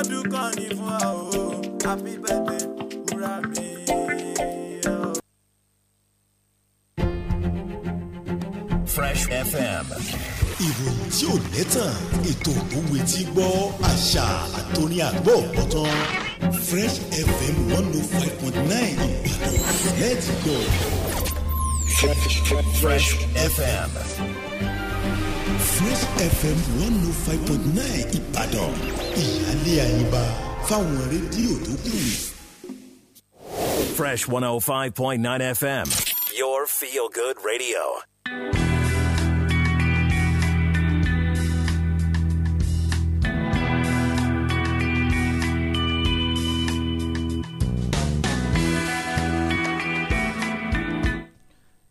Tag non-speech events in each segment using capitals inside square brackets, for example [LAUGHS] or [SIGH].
ọdún ní fún ọ o happy birthday wúrà mi. Fresh FM. ìròyìn tí ò lẹ́tàn ètò òwe tí gbọ́ àṣà àtòní àgbọ̀ ọ̀tán Fresh FM one oh five point nine Ìbàdàn let's go. fresh, fresh FM. Fresh FM one oh five point nine Ìbàdàn ìyáálé àyíbá fáwọn rédíò tó kù. Fresh one oh five point nine FM your feel good radio.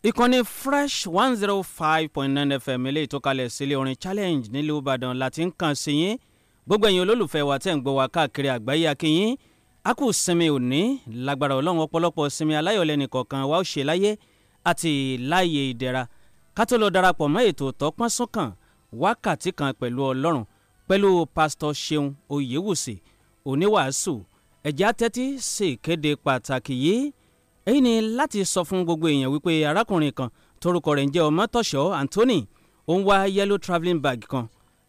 ìkànnì fresh one zero oh five point nine fm ilé ìtúkalẹ̀ sílé orin challenge nílùú ìbàdàn láti ń kàn sí yín gbogbo ẹ̀yin olólùfẹ́ wa tẹ̀ ń gbọ́ wa káàkiri àgbáyé akínyìn a kò sinmi òní lágbára ọlọ́run ọ̀pọ̀lọpọ̀ sinmi aláyọ̀lẹ́ nìkọ̀ọ̀kan wa ó ṣe láyé àti láàyè ìdẹ̀ra ká tó lọ darapọ̀ mọ́ ètò tọ́pọ́n sọ́kàn wákàtí kan pẹ̀lú ọlọ́run pẹ̀lú pásítọ̀ ṣeun oyèwùsì oníwàásù ẹ̀já tẹ́tí sí ìkéde pàtàkì yìí èyí ni láti sọ fún gbogbo èèyàn wípé arákùnrin kan torúkọ rẹ̀ ń jẹ́ ọmọtọ́ṣọ́ Anthony ó ń wá yellow travelling bag kan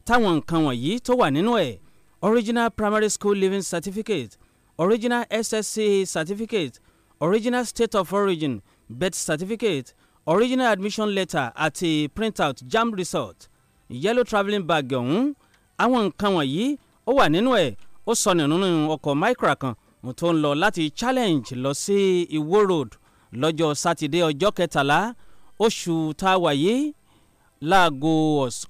táwọn nǹkan wọ̀nyí tó wà nínú ẹ̀ original primary school living certificate original SSCE certificate original state of origin birth certificate original admission letter àti printout jam result yellow travelling bag ọ̀hún àwọn nǹkan wọ̀nyí ó wà nínú ẹ̀ ó sọnù nínú ọkọ̀ micra kan mo tó ń lọ láti challenge lọ sí Iwo Road lọ́jọ́ sátidé ọjọ́ kẹtàlá oṣù tá a wà yìí láago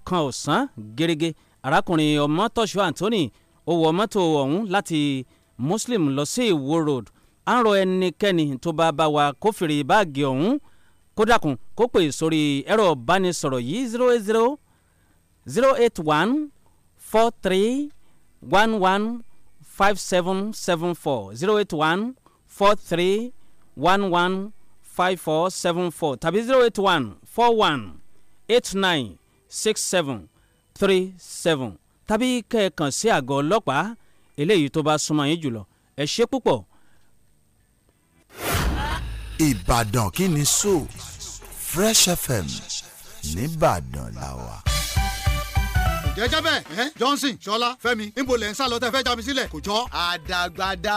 kan ọ̀sán gẹ́gẹ́ arákùnrin ọmọtọ́ṣù Anthony ó wọ mọ́tò ọ̀hún láti Muslim lọ sí Iwo Road à ń rọ ẹnikẹ́ni tó bá bá wa kó báàgì ọ̀hún kó kó pè sórí ẹ̀rọ ìbánisọ̀rọ̀ yìí zero zero zero eight one four three one one five seven seven four zero eight one four three one one five four seven four tàbí zero eight one four one eight nine six seven three seven tàbí kẹ́ ẹ kàn sí àgọ́ ọlọ́pàá eléyìí tó bá súnmọ́ yín jùlọ ẹ ṣe púpọ̀. Ìbàdàn kí ni sọ Fresh FM nìbàdàn làwà jẹ́jẹ́ bẹ́ẹ̀ Johnson Ṣọlá Fẹ́mi níbo lẹ́ ń sá lọ tẹ́ fẹ́ já mi sílẹ̀ kò jọ. àdàgbàdà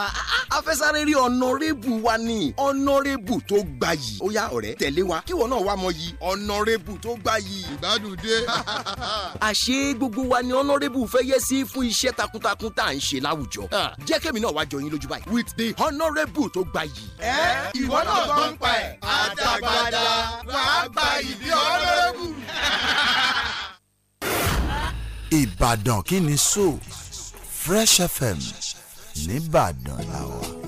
afẹ́sáré rí ọ̀nọ́rẹ́bù wa ni ọ̀nọ́rẹ́bù tó gbayì ó yá ọ̀rẹ́ tẹ̀lé wa kíwọ náà wá mọ yìí ọ̀nọ́rẹ́bù tó gbayì. ìgbádùn dé. [LAUGHS] àṣé gbogbo wa ni ọ̀nọ́rẹ́bù fẹ́ yẹ sí fún iṣẹ́ takuntakun tá à ń ṣe láwùjọ jẹ́ kémi náà wá jọ yín lójú báyìí with the ọ̀nọ́rẹ́bù tó gbayì. ẹ ìwọ náà gbọ́ ń pa ẹ̀ àdàgbàdà wàá gbayì bí ọ̀nọ́rẹ́bù. [LAUGHS] Ìbàdàn kí ni sọ Fresh FM nìbàdàn làwà.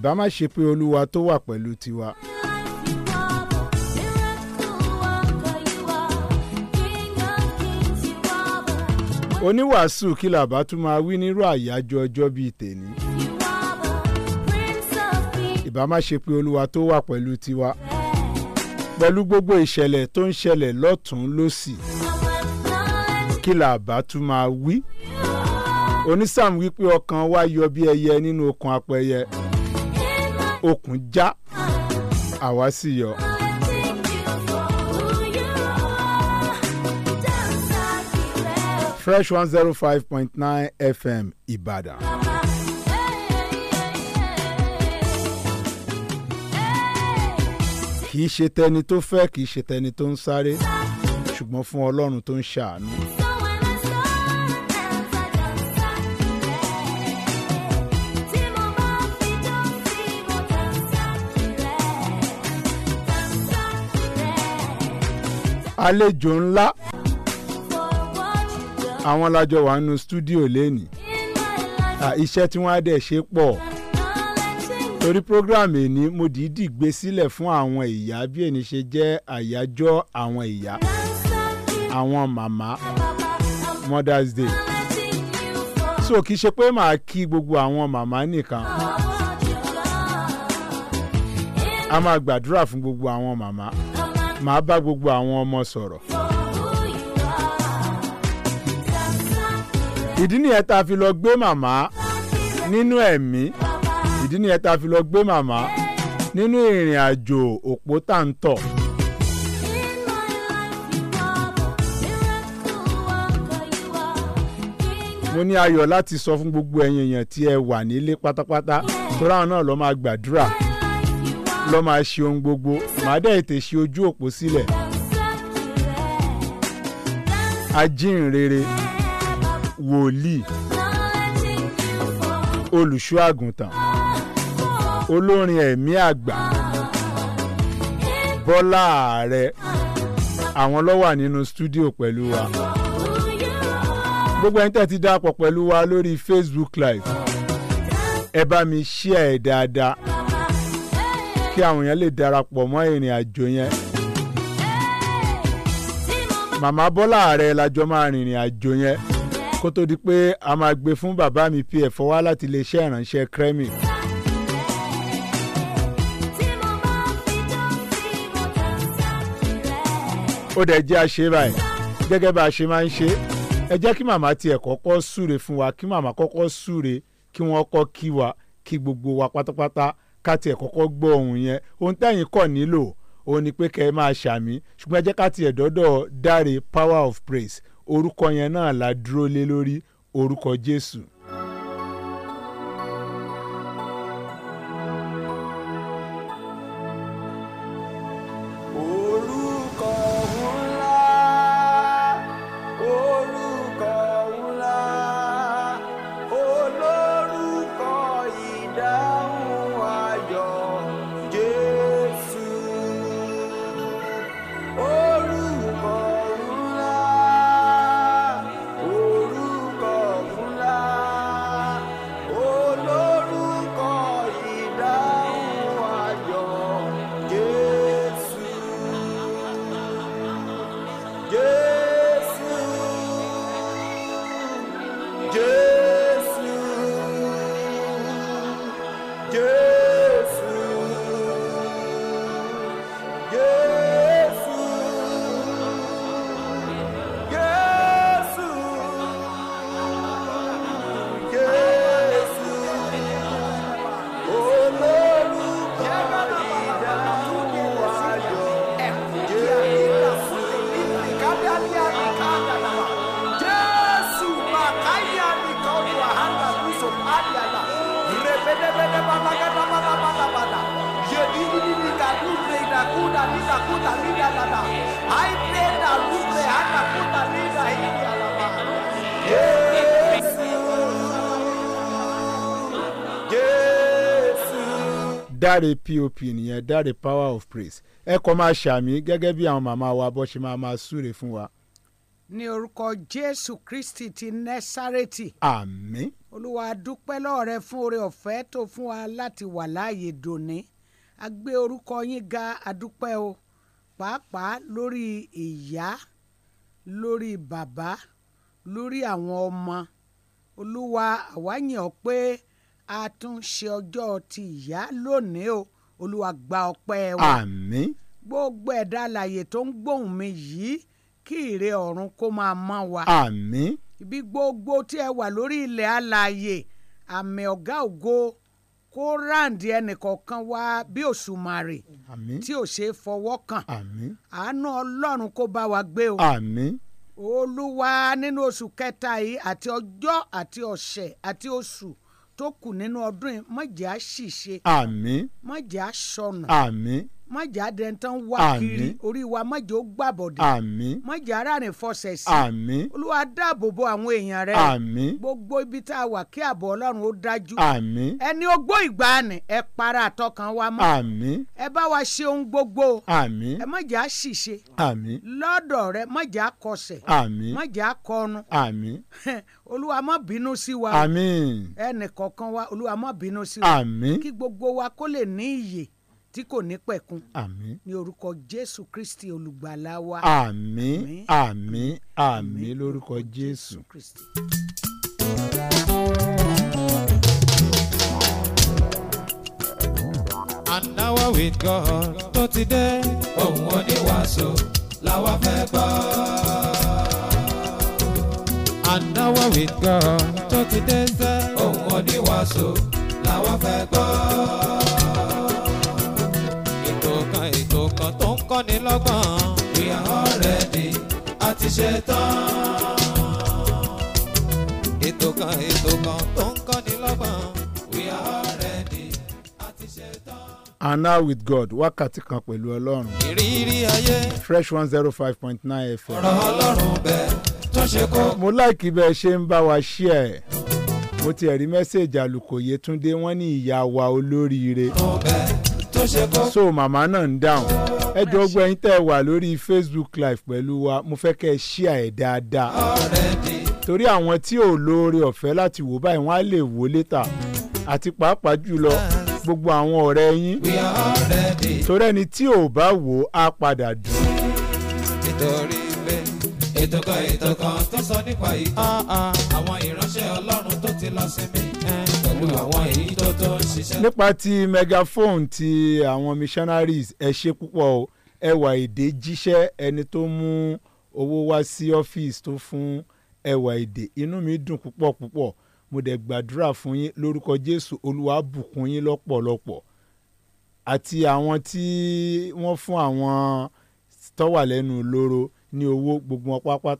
ìbá má ṣe pé olúwa tó wà pẹ̀lú tiwa. oníwàásù kí làbá tún máa wí nírú àyájọ́ ọjọ́ bíi tèní. ìbá má ṣe pé olúwa tó wà pẹ̀lú tiwa pẹ̀lú gbogbo ìṣẹ̀lẹ̀ tó ń ṣẹlẹ̀ lọ́tún lọ́sì kí làbá tún máa wí onísáàmù wípé ọkàn wa yọ bí ẹyẹ nínú okùn apẹyẹ okùn já àwa sì yọ. fresh one zero oh five point nine fm ìbàdàn. kì í ṣe tẹni tó fẹ́ kì í ṣe tẹni tó ń sáré ṣùgbọ́n fún ọlọ́run tó ń ṣàánú. àlejò ńlá àwọn lájọ wà nínú stúdíò lẹ́nìí iṣẹ́ tí wọ́n á dẹ̀ ṣe pọ̀ torí program èní mo dìídì gbé sílẹ̀ fún àwọn ìyá bí èní ṣe jẹ́ àyájọ́ àwọn ìyá àwọn màmá Mother's Day so kì í ṣe pé màá kí gbogbo àwọn màmá nìkan a máa gbàdúrà fún gbogbo àwọn màmá màá bá gbogbo àwọn ọmọ sọ̀rọ̀. ìdí nìyẹn tá a fi lọ gbé màmá nínú ẹ̀mí ìdí nìyẹn tá a fi lọ gbé màmá nínú ìrìn àjò òpó tàǹtọ̀. mo ní ayọ̀ láti sọ fún gbogbo ẹ̀yin èèyàn tí ẹ wà nílé pátápátá tó ráhùn náà lọ́ máa gbàdúrà ló máa ṣe ohun gbogbo màá dẹ̀ ètè ṣe ojú òpó sílẹ̀ ajínrere wòlíì olùṣọ́ àgùntàn olórin ẹ̀mí àgbà bọ́lá ààrẹ àwọn ló wà nínú stúdíò pẹ̀lú wa gbogbo ẹni tẹ́ ti dáàpọ̀ pẹ̀lú wa lórí Facebook live ẹ bá mi ṣí ẹ̀ dáadáa kí àwọn èèyàn lè darapọ̀ mọ́ ìrìn àjò yẹn. màmá Bọ́lá Ààrẹ lájọ máa rìnrìn àjò yẹn kó tó di pé a máa gbé fún bàbá mi pf wá láti iléeṣẹ́ ìránṣẹ́ kremi. ó dẹ̀ jẹ́ àṣẹ báyìí gẹ́gẹ́ bá a ṣe máa ń ṣe ẹ jẹ́ kí màmá tiẹ̀ kọ́kọ́ súre fún wa kí màmá kọ́kọ́ súre kí wọ́n kọ́ kí wa kí gbogbo wa pátápátá ká tiẹ̀ kọ́kọ́ gbọ́ ohun yẹn ohun tẹ́yìn kọ̀ nílò òun ni pé kẹ́ ẹ máa ṣàmì ṣùgbọ́n ẹ jẹ́ ká tiẹ̀ dọ́dọ̀ Dáre Power of Praise orúkọ yẹn náà la dúró lé lórí orúkọ Jésù. dáre pop nìyẹn dáre power of praise ẹ kọ́ máa ṣàmì gẹ́gẹ́ bí àwọn màmá wa bó ṣe máa máa súre fún wa. ní orúkọ jésù kristi ti nẹ́sárẹ́tì. àmín. olúwa dúpẹ́ lọ́wọ́ rẹ fún oore ọ̀fẹ́ tó fún wa láti wà láàyè dòní a gbé orúkọ yín ga àdúpẹ́ o pàápàá lórí ìyá lórí bàbá lórí àwọn ọmọ olúwa àwa yàn pé a tún ṣe ọjọ́ ti ìyá lónìí o olúwa gba ọpẹ́ wa. àmín. gbogbo ẹ̀dá alàyè tó ń gbóhùn mi yìí kí ire ọ̀run kó máa mọ́ wa. àmín. ibi gbogbo tí ẹ wà lórí ilẹ̀ alàyè àmì ọ̀gá ògo kó ráǹdì ẹnìkọ̀ọ̀kan wá bí òṣùmàrè tí ò ṣe é fọwọ́ kàn àánú ọlọ́run kó bá wa gbé o olúwa nínú oṣù kẹta yìí àti ọjọ́ àti ọ̀sẹ̀ àti oṣù tó kù nínú ọdún yìí má àṣìṣe. àmín. má jẹ́ àṣọnù májà dẹ̀ntàn wá kiri orí wa májà ó gbàbọ̀dẹ̀ májà aráàrin fọsẹ̀ sí olúwa dáàbò bo àwọn èèyàn rẹ gbogbo ibi tá a wà kí ààbò ọlọ́run ó dájú ẹni ogbó ìgbàanì ẹ para àtọkàn wa mọ́ ẹ bá wa ṣe ohun gbogbo ẹ májà ṣìṣe lọ́dọ̀ rẹ májà kọsẹ̀ májà kọnu [LAUGHS] olúwa má bínú sí wa ẹnì kọ̀ọ̀kan wa olúwa má bínú sí wa kí gbogbo wa kó lè ní iyè tí kò ní pẹ̀kun. àmín. ní orúkọ jésù kristi olùgbàlà wa. àmín àmín àmín lórúkọ jésù. anáwó with God tó ti dé. òun oníwàásù làwa fẹ́ gbọ́. anáwó with God tó ti dé sẹ́. òun oníwàásù làwa fẹ́ gbọ́. kọ́ni we are all ready a ti ètò kan ètò kan tó ń kọ́ni lọ́gbọ̀n. we are all ready a ti and now with God wákàtí kan pẹ̀lú ọlọ́run. ìrírí ayé. fresh one zero five point nine fm. ọ̀rọ̀ ọlọ́run bẹ́ẹ̀ tó ṣe kó. mo láìkí bẹ́ẹ̀ ṣe ń bá wa ṣí ẹ̀ mo ti ẹ̀rí mẹ́sẹ̀gì àlùkò yétúndé wọ́n ní ìyá wa olóríire so màmá náà ń dáhùn ẹ jọ gbọ́ ẹ̀yin tẹ́ wà lórí Facebook live pẹ̀lú wa mo fẹ́ kẹ́ ẹ share ẹ̀ dáadáa torí àwọn tí ò lóore ọ̀fẹ́ láti wò báyìí wọ́n á lè wò létà àti pàápàá jùlọ gbogbo àwọn ọ̀rẹ́ yín torí ẹni tí ò bá wò á padà dùn. nítorí pé ètò kan tó sọ nípa ìtàn ah, ah. àwọn ìránṣẹ́ Ọlọ́run tó ti lọ sinmi pẹ̀lú àwọn nípa ti megaphone ti àwọn missionaries ẹ ṣe púpọ̀ o ẹwà èdè jíṣẹ́ ẹni tó mú owó wá sí ọ́fíìsì tó fún ẹwà èdè inú mi dùn púpọ̀ púpọ̀ mo dẹ̀ gbàdúrà fún yín lórúkọ Jésù Olúwa bùkún yín lọ́pọ̀lọpọ̀ àti àwọn tí wọ́n fún àwọn tọ́wà lẹ́nu lóró ní owó gbogbo wọn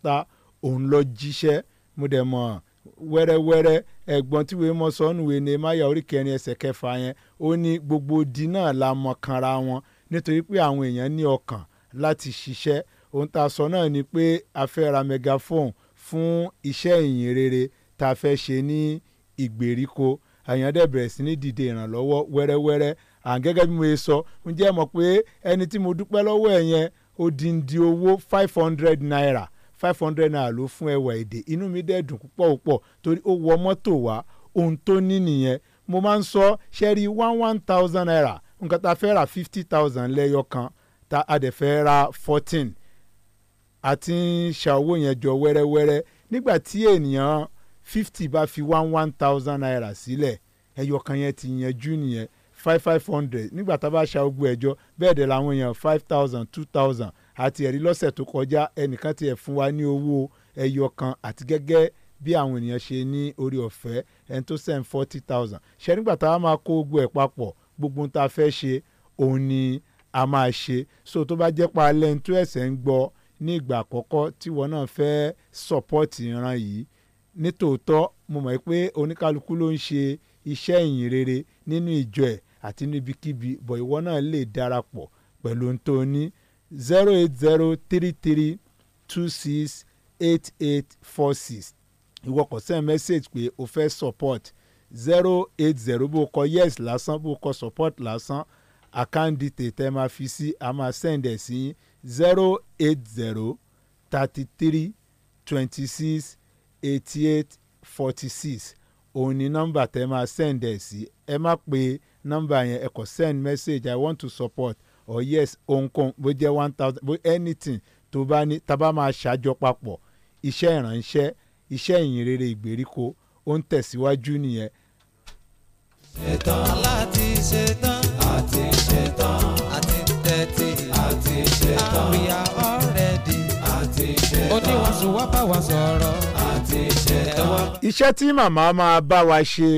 òun lọ jíṣẹ́ mo dẹ̀ mọ̀ ọ́n wẹ́rẹ́wẹ́rẹ́ ẹ̀gbọ́n tí wèé mọ sọ́nù wèé ní máyà orí kẹrin ẹsẹ̀ kẹfà yẹn ó ní gbogbo di náà la mọ kanra wọn nítorí pé àwọn èèyàn ní ọkàn láti ṣiṣẹ́ ohun tá a sọ náà ni pé a fẹ́ ra megaphone fún iṣẹ́ ìyìn rere tá a fẹ́ ṣe ní ìgbèríko àyàn dẹ̀ bẹ̀rẹ̀ sí ní dìde ìrànlọ́wọ́ wẹ́rẹ́wẹ́rẹ́ à ń gẹ́gẹ́ bí mo ṣe sọ ǹjẹ́ mọ̀ pé ẹni tí mo dúpẹ́ lọ́wọ́ ẹ̀ odindi owó five hundred naira five hundred naira ló fún ẹwà èdè inú mi dẹ̀ dùn púpọ̀ púpọ̀ torí ó wọ mọ́tò wá ohun tó ní nìyẹn mo máa ń sọ ṣẹ́rí one one thousand naira nǹkan tá fẹ́ ra fifty thousand lẹ́yọ kan tá a fẹ́ ra fourteen àti ṣàwó yẹn jọ wẹ́rẹ́wẹ́rẹ́ nígbà tí ènìyàn fifty bá fi one one thousand naira sílẹ̀ ẹyọ kan yẹn ti yanjú nìyẹn five five hundred nígbà tá a bá ṣa ogun ẹjọ bẹ́ẹ̀ dẹ̀ làwọn èèyàn five thousand two thousand àti ẹ̀rí lọ́sẹ̀ tó kọjá ẹnìkan tiẹ̀ fún wa ní owó ẹyọ kan àti gẹ́gẹ́ bí àwọn ènìyàn ṣe ní orí ọ̀fẹ́ ẹni tó send forty thousand ṣe nígbà tá a máa kó gbogbo ẹ̀ papọ̀ gbogbo ohun tá a fẹ́ ṣe òun ni a máa ṣe so tó bá jẹ́ pa alẹ́ ní tó ẹ̀sẹ̀ ń gbọ́ ní ìgbà àkọ́kọ́ tí wọn náà fẹ́ sọ́pọ́ọ̀tì ìran yìí nítòótọ́ mo mọ̀ pé oníkálukú ló ń ṣe iṣẹ́ ìyìn rere nínú ìjọ ẹ̀ àti níbikíbi bọ̀ ìwọ náà lè darapọ̀ pẹ̀lú ohun tó ní zero eight zero three three two six eight eight four six ìwọ kò send message pé o fẹ́ support zero eight zero bó o kọ yes lásán bó o kọ support lásán àkáǹdì tètè máa fi sí a máa send ẹ̀ sí zero eight zero thirty three twenty six eighty eight forty six òun ni nọ́mbà tẹ́ máa send ẹ̀ sí ẹ má pe nọ́mbà yẹn ẹ kò send message i want to support or yes ohunkóhun bó jẹ́ one thousand bó anything tó bá ní tá a bá máa ṣàjọ papọ̀ iṣẹ́ ìrànṣẹ́ iṣẹ́ ìyìnrere ìgbèríko ó ń tẹ̀síwájú nìyẹn. ṣetán láti ṣetán àti ṣetán àti tẹ́tí àti ṣetán we are àti ṣetán oníwàásù bá wa sọ̀rọ̀ àti ṣetán. iṣẹ́ tí màmá máa bá wa ṣe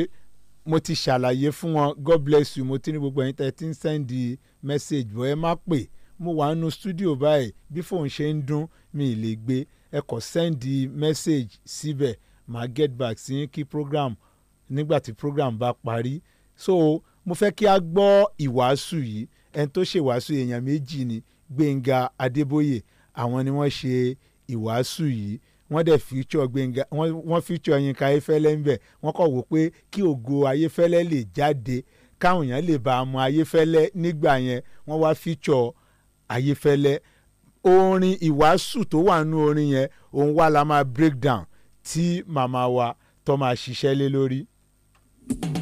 mo ti ṣàlàyé fún wọn God bless you mo ti ní gbogbo ẹ̀yin tẹ́ ti ń sẹ́ndì message bọ̀ ẹ má pè mo wà nínú studio báyìí bí fóun ṣe ń dún mi ì lè gbé ẹ kọ send message síbẹ̀ màá get back sí kí program nígbà tí program bá parí so mo fẹ́ kí a gbọ́ ìwàásù yìí ẹni tó ṣe ìwàásù èèyàn méjì ni Gbénga Adébóyè àwọn ni wọ́n ṣe ìwàásù yìí wọ́n dẹ̀ future Gbénga wọ́n future Yínká Ayéfẹ́lẹ́ ń bẹ̀ wọ́n kọ̀ wò pé kí ògo Ayéfẹ́lẹ́ lè jáde káwọn èèyàn lè bá a mọ ayéfẹ́lẹ́ nígbà yẹn wọ́n wá fíjọ ayéfẹ́lẹ́ orin ìwàásù tó wà nú orin yẹn òun wá la máa break down tí màmá wa tó máa ṣiṣẹ́ lé lórí. thank you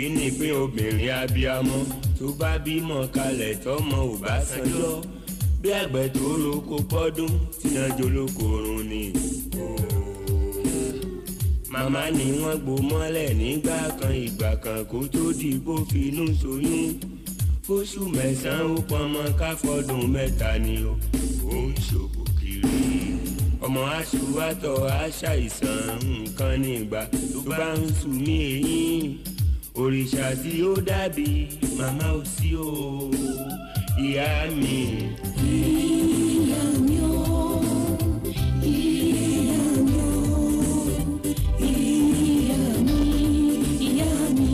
kí ni pé obìnrin abiyamọ tó bá bímọ kalẹ̀ tọmọ ò bá sanjọ́ bí àgbẹ̀ tó lóko pọ́dún tíyanjú lóko ni. màmá ni wọ́n gbó mọ́lẹ̀ nígbà kan ìgbà kan kó tó di bó finú ṣoyún fóṣù mẹ́sàn-án ó pọnmọ káfọ́dún mẹ́ta ni ó ń ṣòwò kiri ọmọ aṣùwàtọ̀ aṣàìsàn nǹkan nígbà tó bá ń sùn ní eyín òrìṣà tí ó dàbí màmá ò sí o ìyá mi. ìyá mi o ìyá mi o ìyá mi ìyá mi.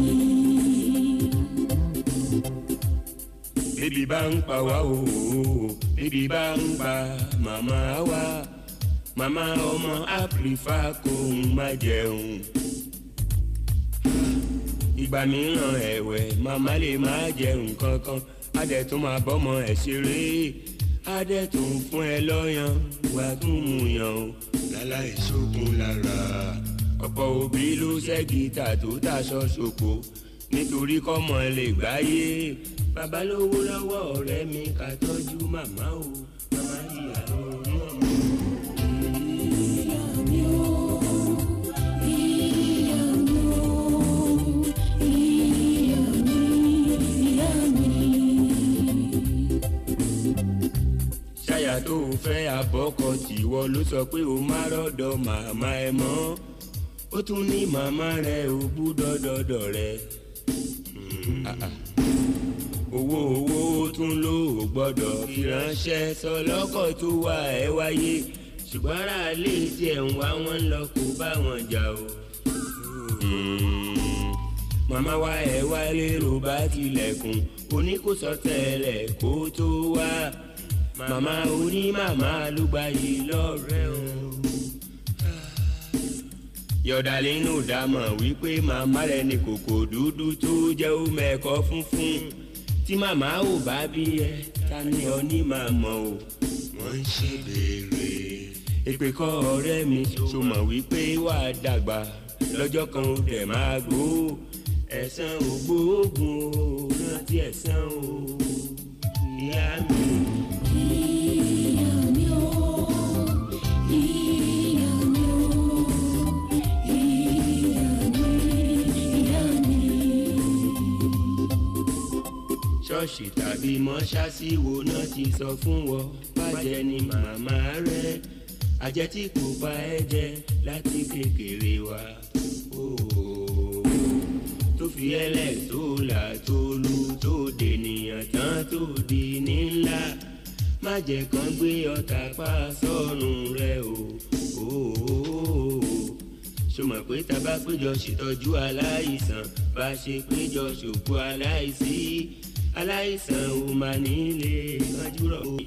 bébí bá ń pa wá o bébí bá ń pa màmá wá màmá ọmọ á pèfà ń má jẹun ìgbà mìíràn ẹ̀wẹ̀ màmá lè má jẹ nǹkan kan adẹ̀ tó máa bọ́mọ ẹ̀ ṣeré adẹ̀ tó ń fún ẹ lọ́yàn wà tún mú yàn o láláì sókun lára ọ̀pọ̀ òbí ló ṣẹ́gi tà tó tàṣọ ṣòkò nítorí kọ́mọ lè gbáyé bàbá lọ́wọ́ ọ̀rẹ́ mi ká tọ́jú màmá o màmá ìyá lọ́wọ́. ìyá tó fẹ́ àbọ́kọ tìwọ ló sọ pé o má rọ́dọ̀ màmá ẹ mọ́ ó tún ní màmá rẹ ò gbúdọ̀ dọ̀dọ̀ rẹ. Hmm. Ah, ah. owó owó tún ló ò gbọ́dọ̀ fi ránṣẹ́ sọ lọ́kọ̀ tó wà ẹ́ wáyé ṣùgbọ́n aráàlú tiẹ̀ ń wá wọn lọ kó bá wọn jà o. Hmm. màmá wa ẹ̀ wá lérò bá tilẹ̀kùn oníkósọ̀tẹ̀lẹ̀ kó tó wá màmá oní màmá ló gba yìí lọ́rẹ́ o. yọ̀dàlẹ́ inú dámọ̀ wípé màmá rẹ̀ ni kòkò dúdú tó jẹ́ ó mẹ́kọ́ funfun tí màmá ò bá bí ẹ ta ni ọní màmá o. wọ́n ń ṣe béèrè. èpè kọ́ ọ̀rẹ́ mi tó mọ̀ wípé wàá dàgbà lọ́jọ́ kan ó dẹ̀ máa gbó ẹ̀san ògbóògùn o rántí ẹ̀san o ìyá mi. ṣọ́ọ̀ṣì tàbí mọ́ṣáṣí wo náà ti sọ fún wọ bàjẹ́ ni màmá rẹ̀ àjẹ́ tí kò bá ẹ jẹ láti kékeré wa tó fi ẹlẹ́ tó là tó lu tó dènìyàn tán tó di nílá má jẹ́ kán gbé ọ̀tá pa sọ́run rẹ o ṣó mọ̀ pé tá a bá péjọ ṣètọ́jú aláìsàn bá ṣe péjọ ṣòkú aláìsí aláìsàn ò mà nílé ìgbàjúrò òyì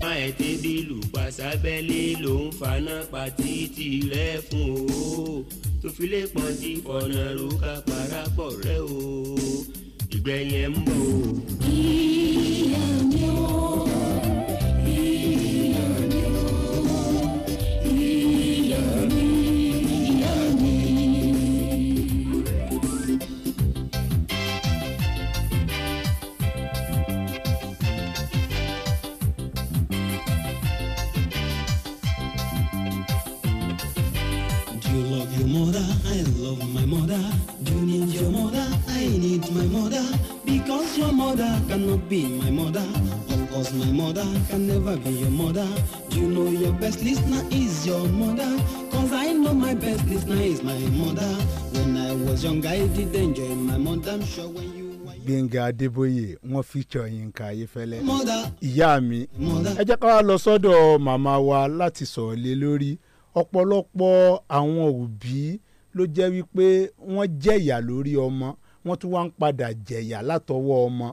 má ẹ tẹ́bí lù pàṣábẹ́lé ló ń faná pa títì rẹ fún o tó fi lè pọ́n tí fọ̀nà ro ká parapọ̀ rẹ o ìgbẹ̀yẹ̀ ń bọ̀. ilé mi ò. mother, can never be your mother. You know your best listener is your mother. Cause I know my best listener is my mother. When I was young, I did enjoy my mother. I'm sure when you. Gbẹ̀ngà Adébóyè wọ́n fíjọ Yínká Ayéfẹ́lẹ́. Ìyá mi, ẹ jẹ́ ká lọ sọ́dọ̀ màmá wa láti sọ̀rọ̀ lé lórí. Ọ̀pọ̀lọpọ̀ àwọn òbí ló jẹ́ wípé wọ́n jẹ̀yà lórí ọmọ, wọ́n tún wá ń padà jẹ̀yà látọwọ́ ọmọ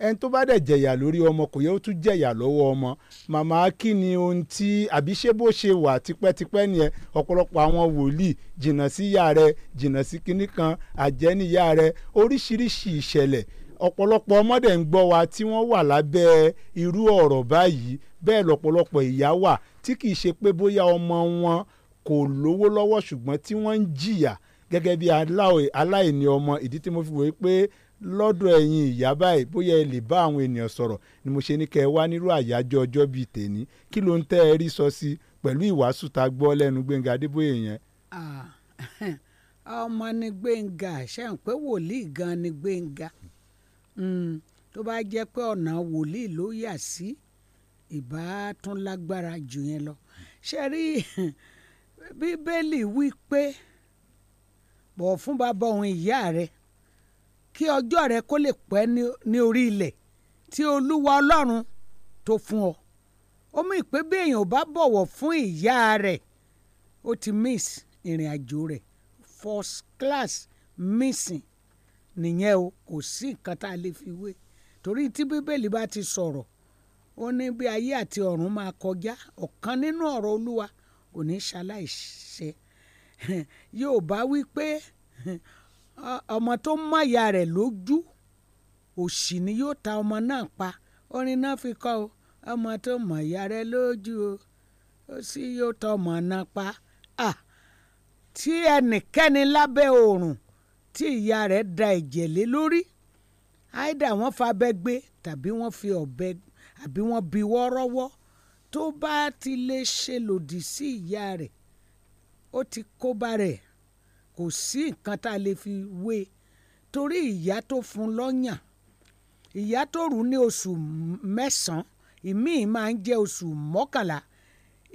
ẹni tó bá dẹ̀ jẹ̀yà lórí ọmọ kò yẹ ó tún jẹ̀yà lọ́wọ́ ọmọ màmá kí ni ohun tí àbí ṣé bó ṣe wà tipẹ́tipẹ́ nìyẹn ọ̀pọ̀lọpọ̀ àwọn wòlíì jìnnà sí ìyá rẹ jìnnà sí kinní kan àjẹ́ ní ìyá rẹ oríṣiríṣi ìṣẹ̀lẹ̀ ọ̀pọ̀lọpọ̀ ọmọdé ń gbọ́ wa tí wọ́n wà lábẹ́ irú ọ̀rọ̀ báyìí bẹ́ẹ̀ lọ̀pọ̀lọpọ̀ ìyá wà tí kì í ṣe pé bóyá ọmọ wọn kò lówó lọ́wọ́ ṣùgbọ́n tí wọ́n ń jìyà gẹ́gẹ́ bí aláìní ọmọ ìdí tí mo fi wòye pé lọ́dọ̀ ẹ̀yin ìyá báyìí bóyá ẹ lè bá àwọn ènìyàn sọ̀rọ̀ ni mo ṣe ní kẹ́ ẹ wá nírú àyájọ́ ọjọ́ bíi tèmi kí ló ń tẹ́ ẹ rí sọ sí pẹ̀lú ìwàásù tá gbọ́ lẹ́nu Gbẹ́ngà Adébóyè yẹn. [LAUGHS] ọmọ ni Gbẹ́ngà ṣe ń pé wòlíì gan ni Gbẹ́ngà hmm, tó bá jẹ́ pé ọ̀nà wòlíì ló yà sí ìbá tún lágbára jù yẹn lọ ṣe rí [LAUGHS] bíbélì wí pé bọ̀ fún bàbá òun ìyá rẹ̀ kí ọjọ́ rẹ kó lè pẹ́ ní orí ilẹ̀ tí olúwa ọlọ́run tó fún ọ ó mú ìpè bí èèyàn bá bọ̀wọ̀ fún ìyá rẹ̀ ó ti miss ìrìn àjò rẹ̀ first class missing nìyẹn o kò sí nǹkan tá a lè fi wé torí tí bíbélì bá ti sọ̀rọ̀ ó ní bí ayé àti ọ̀run máa kọjá ọ̀kan nínú ọ̀rọ̀ olúwa kò ní ṣaláìṣẹ [LAUGHS] yóò bá wí pé ọmọ tó ń mọ̀yà rẹ̀ lójú òṣì ni yóò ta ọmọ náà pa orin náà fi kọ́ o ọmọ tó mọ̀yà rẹ̀ lójú o yóò ta ọmọ náà pa ah tí ẹnikẹ́ni lábẹ́ oòrùn tí ìyá rẹ̀ da ẹ̀jẹ̀ lé lórí àìdá wọ́n fa abẹ gbé tàbí wọ́n fi ọ̀bẹ àbí wọ́n bi wọ́rọ́wọ́ tó bá ti lè ṣe lòdì sí ìyá rẹ̀ ó ti kó bá rẹ̀ kò sí nǹkan tá a lè fi wé e torí ìyá tó fún lọ́yàn ìyá tó rù ní oṣù mẹ́sàn-án ìmíì máa ń jẹ́ oṣù mọ́kànlá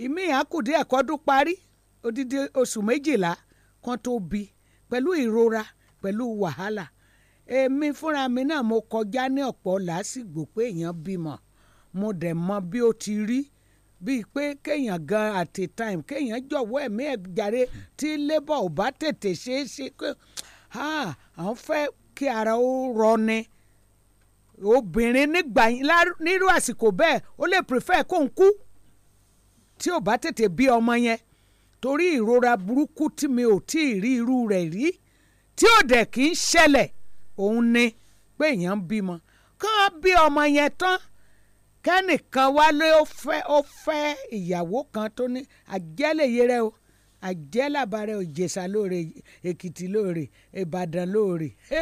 ìmíì àkùdé ẹ̀kọ́dún parí odidi oṣù méjìlá kan tó bí pẹ̀lú ìrora pẹ̀lú wàhálà èmi fúnra mi náà mo kọjá ní ọ̀pọ̀ làásìgbò pé èèyàn bímọ mo dẹ̀ mọ bí ó ti rí bíi pé kéèyàn gan at a time kéèyàn jọ̀wọ́ ẹ̀mí ẹ̀ jàre tí labour ò bá tètè ṣeé ṣe pé àwọn fẹ́ kí ara ó rọni obìnrin nígbà nírú àsìkò bẹ́ẹ̀ ó lè prefer kó ń kú tí ò bá tètè bí ọmọ yẹn torí ìrora burúkú tí mi ò tí ì rí irú rẹ̀ rí tí ò dẹ̀ kì í ṣẹlẹ̀ òun ni pé èèyàn ń bímọ kán bí ọmọ yẹn tán kẹ́nìkan wá lé ó fẹ́ ó fẹ́ ìyàwó kan tó ní àjẹ́lẹ̀yẹ rẹ o àjẹ́làbàrẹ̀ òjèṣà lóore èkìtì lóore ìbàdàn lóore [LAUGHS]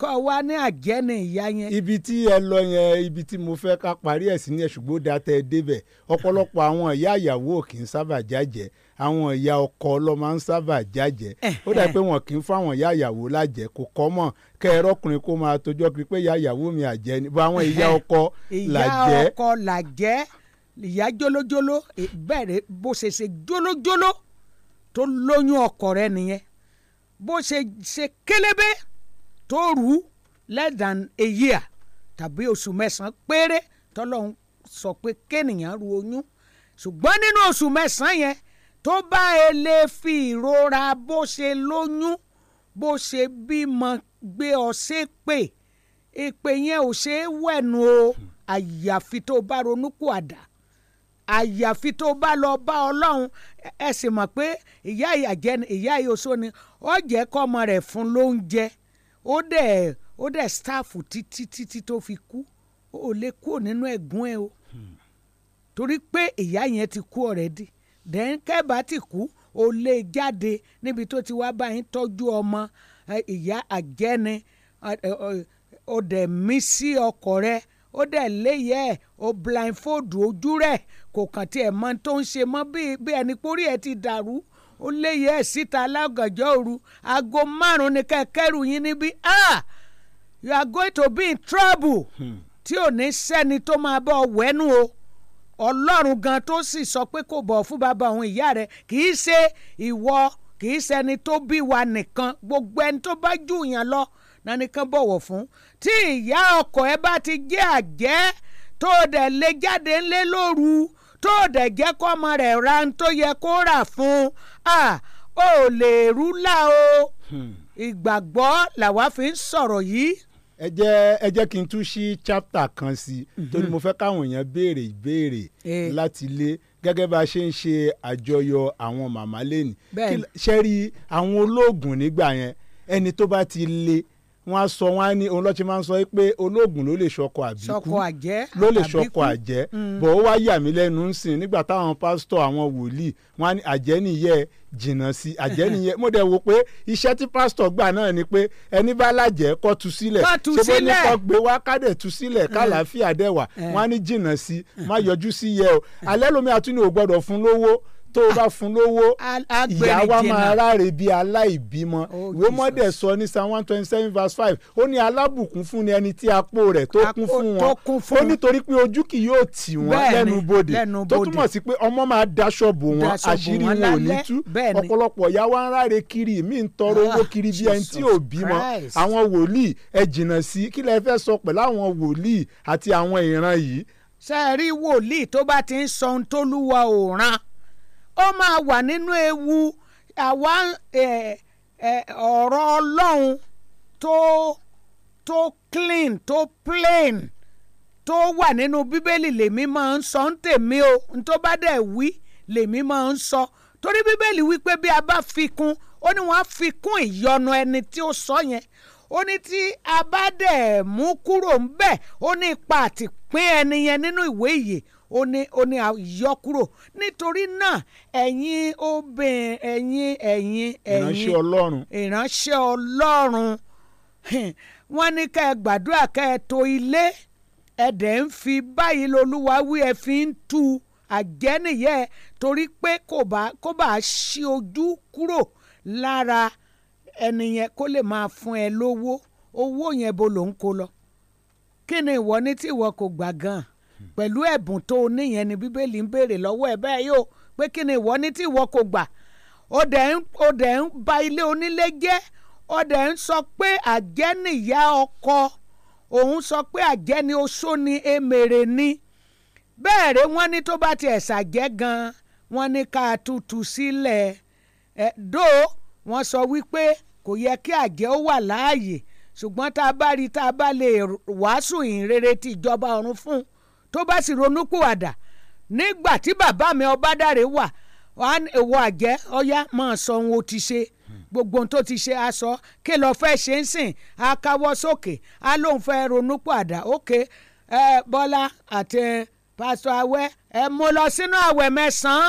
kọ́ wa ní àjẹ́ ni ìyá yẹn. ibi tí ẹ lọ yẹn ibi tí mo fẹ́ ká parí ẹ̀ sí ni ẹ̀ ṣùgbọ́n ó dáa tẹ́ ẹ débẹ̀ ọ̀pọ̀lọpọ̀ àwọn ìyá ìyàwó kì í sábà jájẹ́ àwọn ìyá ọkọ ló máa ń sábà jájẹ ó dà pé wọn kì í fáwọn ìyá ìyàwó lájẹ kò kọ́ mọ̀ kẹ ẹ rọkùnrin kó máa tójọ́ pé ìyá ìyàwó mi àjẹ́ ni bó àwọn ìyá ọkọ [LAUGHS] làjẹ́. ìyá ọkọ làjẹ́ ìyá jólójóló bẹ́ẹ̀ bó ṣe ṣe jólójóló tó lóyún ọkọ rẹ nìyẹn bó ṣe ṣe kélébé tó rú less than a year tàbí oṣù mẹ́sàn-án péré tọ́lọ́hún sọ pé kéènìyàn ru oyún ṣùgbọ́n nínú oṣù mẹ́sàn-án yẹn tó bá e lè fi ìrora bó ṣe lóyún bó ṣe bímọ gbé ọ ṣépè èpè yẹn ò ṣeé wẹ̀nu o àyàfi tó bá ronú kù àdá àyàfi tó bá lọ bá ọlọ́run ẹ sì mọ̀ pé ìyá ìyàjẹ́ ni ìyá ìyóso ni ó jẹ́ kọ́mọ rẹ̀ fún lóúnjẹ ó dẹ̀ ó dẹ̀ sítáàfù títí títí tó fi kú ó lè kú nínú ẹ̀gún ẹ̀ o torí pé ìyá yẹn ti kú ọ̀rẹ́dì dẹ́ńkẹ́bà ti kú ó lè jáde níbi tó ti wá báyìí tọ́jú ọmọ ìyá àjẹ́ni ó dẹ̀ mí sí ọkọ rẹ̀ ó dẹ̀ léyẹ̀ ẹ̀ ó blindfold ojú rẹ̀ kò kàn tiẹ̀ mọ tó ń ṣe mọ́ bí ẹni pórí ẹ̀ ti dàrú ó léyẹ̀ ẹ̀ síta alágànjọ́ òru aago márùn-ún ni kẹ́kẹ́rù yín níbí ah you are going to be in trouble hmm. tí ò ní sẹ́ni tó máa bọ́ wẹ́nu o ọlọ́run gan tó sì sọ pé kò bọ̀ fún bàbá òun ìyá rẹ̀ kì í ṣe ìwọ kì í ṣẹni tó bí wa nìkan gbogbo ẹni tó bá jù yàn lọ nanikan bọ̀wọ̀ fún tí ìyá ọkọ ẹ bá ti jẹ́ àjẹ́ tó dẹ̀ lè jáde ńlé lóru tó dẹ̀ jẹ́ kọ́mọ rẹ̀ ra ń tó yẹ kó rà fún ó lè rúlà o hmm. ìgbàgbọ́ làwa fi ń sọ̀rọ̀ yìí ẹ jẹ́ ẹ jẹ́ kí n tún ṣí chapter kan sí i mhm. torí mo fẹ́ káwọn èèyàn béèrè ìbéèrè eh. láti ilé gẹ́gẹ́ bá a ṣe ń ṣe àjọyọ̀ àwọn màmá lẹ́nu ṣe àwọn olóògùn nígbà yẹn ẹni tó bá ti lé wọ́n á sọ wọ́n á ní òun lọ́ọ́ ti máa ń sọ pé olóògùn ló lè ṣọkọ àbíkú ló lè ṣọkọ àjẹ́ mm. bọ̀ ó wá yà mí lẹ́nu ń sìn nígbà táwọn pásítọ̀ àwọn wòlíì wọ́n á ní àjẹ́ nìyẹn jìnnà sí àjẹ́ nìyẹn mo dẹ̀ wò pé iṣẹ́ tí pásítọ̀ gbà náà ni pé ẹni bá lájẹ́ kó tú sílẹ̀ ṣé bó ní kó gbé wá kádẹ̀ tú sílẹ̀ kálàáfíà mm. dẹ̀ wà eh. wọ́n á jìnnà sí má yọjú sí yẹ o alẹ́ lomi àtúnyẹ̀wò gbọ́dọ̀ fún lówó tó o bá fún lówó ìyá wa máa ráre bí aláìbímọ oh, ìwé mọ́dẹ̀ sọ ní psalm one twenty seven verse five ó ní alábùkún fún ni ẹni tí apó rẹ̀ tó kún fún wọn ó nítorí pé ojú kì yóò tì wọ́n lẹ́nu bodè tó túmọ̀ sí pé ọmọ máa daṣọ bò wọ́n àṣírí wọn ò ní tú ọ̀pọ̀lọpọ̀ ìyá wa ń ráre kiri mi ń tọrọ owó ah, kiri bí ẹni tí ò bímọ àwọn wòlíì ẹ jìnnà sí kí lẹ fẹ́ sọ pẹ̀lú àwọn wòlíì àti àwọn ìran yìí. ṣe wòlíì tó bá ti ń sọ ohun tó lúwa òòràn ó máa wà nínú ewu àwa ọ̀rọ̀ ọlọ́run tó tó clean tó plain tó wà nínú bíbélì lèmi máa ń sọ ń tèmi o n tó bá dẹ̀ wí lèmi máa ń sọ torí bíbélì wípé bí a bá fi kún ó ní wọ́n á fi kún ìyọnu ẹni tí ó sọ yẹn ó ní tí a bá dẹ̀ mú kúrò ń bẹ̀ ó ní ipa àti ẹni yẹn nínú ìwé ìyè ó ní ó ní àyọkúrò nítorí náà ẹ̀yin obìnrin ẹ̀yin ẹ̀yin ẹ̀yin ìránṣẹ́ ọlọ́run ìránṣẹ́ ọlọ́run wọ́n ní ká ẹ gbàdúrà ká ẹ to ilé ẹ dẹ̀ ń fi báyìí lolúwa wí ẹ fi ń tu àjẹ́ nìyẹn torí pé kò bá kó bá ṣí ojú kúrò lára ẹni yẹn kó lè máa fún ẹ lówó owó yẹn bo ló ń kó lọ kí ni ìwọ ní tí ìwọ kò gbà gan pẹ̀lú ẹ̀bùn tó o níyẹn ni bíbélì ń béèrè lọ́wọ́ ẹ̀ bẹ́ẹ̀ yóò pé kí ni ìwọ ní tí ìwọ kò gbà ó dẹ̀ ń ba ilé onílé jẹ́ ó dẹ̀ ń sọ pé àjẹ́ nìyá ọkọ òun sọ pé àjẹ́ ni oṣó ni emèrè ni bẹ́ẹ̀ rẹ wọ́n ní tó bá ti ẹ̀sà jẹ́ gan wọ́n ní ká tutù sílẹ̀ ẹ̀ dó wọ́n sọ wípé kò yẹ kí àjẹ́ ó wà láàyè ṣùgbọ́n tá a bá rí tá a bá lè wàásù ìhìn rere tí ìjọba ọ̀run fún un tó bá sì ronúpìwàdà nígbà tí bàbá mi ọbádàrẹ wà ìwọ àjẹ́ ọyá máa sọ ohun ó ti ṣe gbogbo ohun tó ti ṣe aṣọ kí lọ fẹ́ ṣe ń sìn á káwọ́ sókè á lóun fẹ́ ronúpìwàdà òkè ẹ bọ́lá àti pásítọ̀ awẹ́ ẹ mo lọ sínú àwẹ̀ mẹ́sàn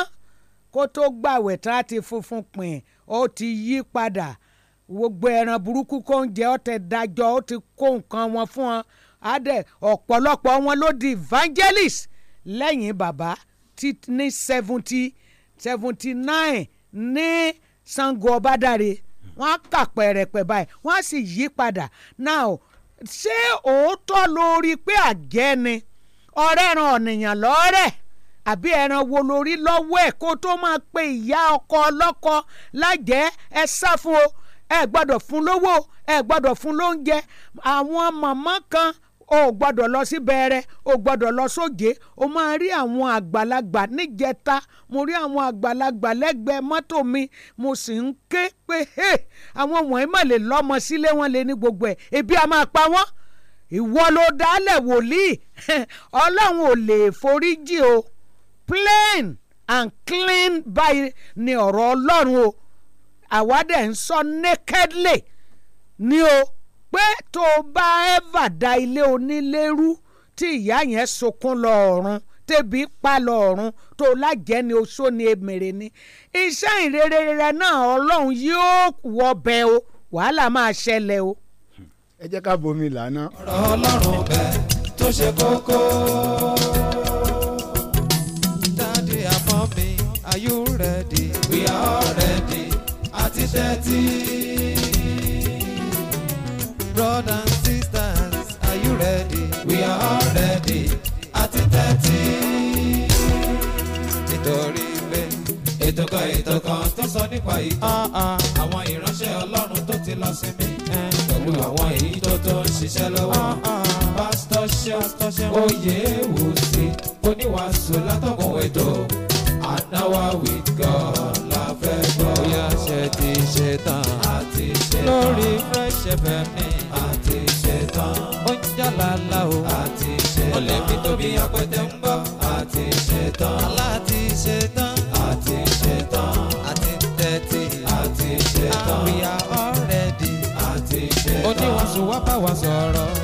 kó tó gbàwẹ̀ tá a ti funfun pin ó ti yí padà gbogbo ẹran burúkú kó ń jẹ ó ti ó ti kó nǹkan wọn fún ọ adẹ ọ̀pọ̀lọpọ̀ wọn ló di evangelist lẹ́yìn baba tí ní seventy seventy nine ní Ṣàngó Ọbádàre wọ́n á kà pẹ̀rẹ̀pẹ̀ báyìí wọ́n sì yí padà now ṣé òótọ́ lórí pé àgẹ́ ni ọ̀rẹ́ ran ọ̀nìyàn lọ́rẹ́ àbí ẹran wo lórí lọ́wọ́ ẹ̀ kó tó máa pe ìyá ọkọ ọlọ́kọ lájẹ́ ẹ sá fún o ẹ gbọ́dọ̀ fún lówó ẹ gbọ́dọ̀ fún lóúnjẹ àwọn màmá kan o ò gbọ́dọ̀ lọ sí bẹ̀rẹ̀ o ò gbọ́dọ̀ lọ sóje o máa rí àwọn àgbàlagbà níjẹta mo rí àwọn àgbàlagbà lẹ́gbẹ̀ẹ́ mọ́tò mi mo sì ń ké pé àwọn wọ̀nyí mà lè lọ́mọ sílé wọn lè ní gbogbo ẹ̀ ebi a máa pa wọ́n ìwọ ló dálẹ̀ wòlíì [LAUGHS] ọlọ́run ò lè foríjì o plain and clean by ni ọ̀rọ̀ ọlọ́run o àwa dẹ̀ ń sọ nakedly ni o pé tó o bá ẹ́fà da ilé onílé tí ìyá yẹn sunkún lọ ọ̀run tẹ́bi pa lọ ọ̀run tó lájẹ́ ni oṣó ni èmèrè ni iṣẹ́ ìrere náà ọlọ́run yóò wọbẹ̀ o wàhálà máa ṣẹlẹ̀ o. ẹ jẹ́ ká bomi lànà. ọ̀rọ̀ ọlọ́run bẹ́ẹ̀ tó ṣe kókó. dáàdi àpọ́n are you ready? we are ready àti tẹ́tí brothers and sisters, are you ready? We are all at thirty. Nítorí pé ètò kan ètò kan tó sọ nípa ìtàn ah, ah. àwọn ìránṣẹ́ Ọlọ́run tó ti lọ sinmi eh. pẹ̀lú àwọn èyí tó tó ń ṣiṣẹ́ lọ́wọ́. Ah, Pásítọ̀ ṣe oyè wò sí oníwàásù látọkùn ètò àdáwà with God la fẹ́ gbọ́. Bóyá ṣe ti ṣe tán àti ṣe tán lórí Fresh FM ní tán. ó ń jà lálá o. a ti ṣe tán. olè mi tóbi ọpẹtẹ ń bọ̀. a ti ṣe tán. alá ṣe tán. a ti ṣe tán. a ti tẹ̀tì. a ti ṣe tán. we are already. a ti ṣe tán. oníwàásù wá bá wa sọ̀rọ̀.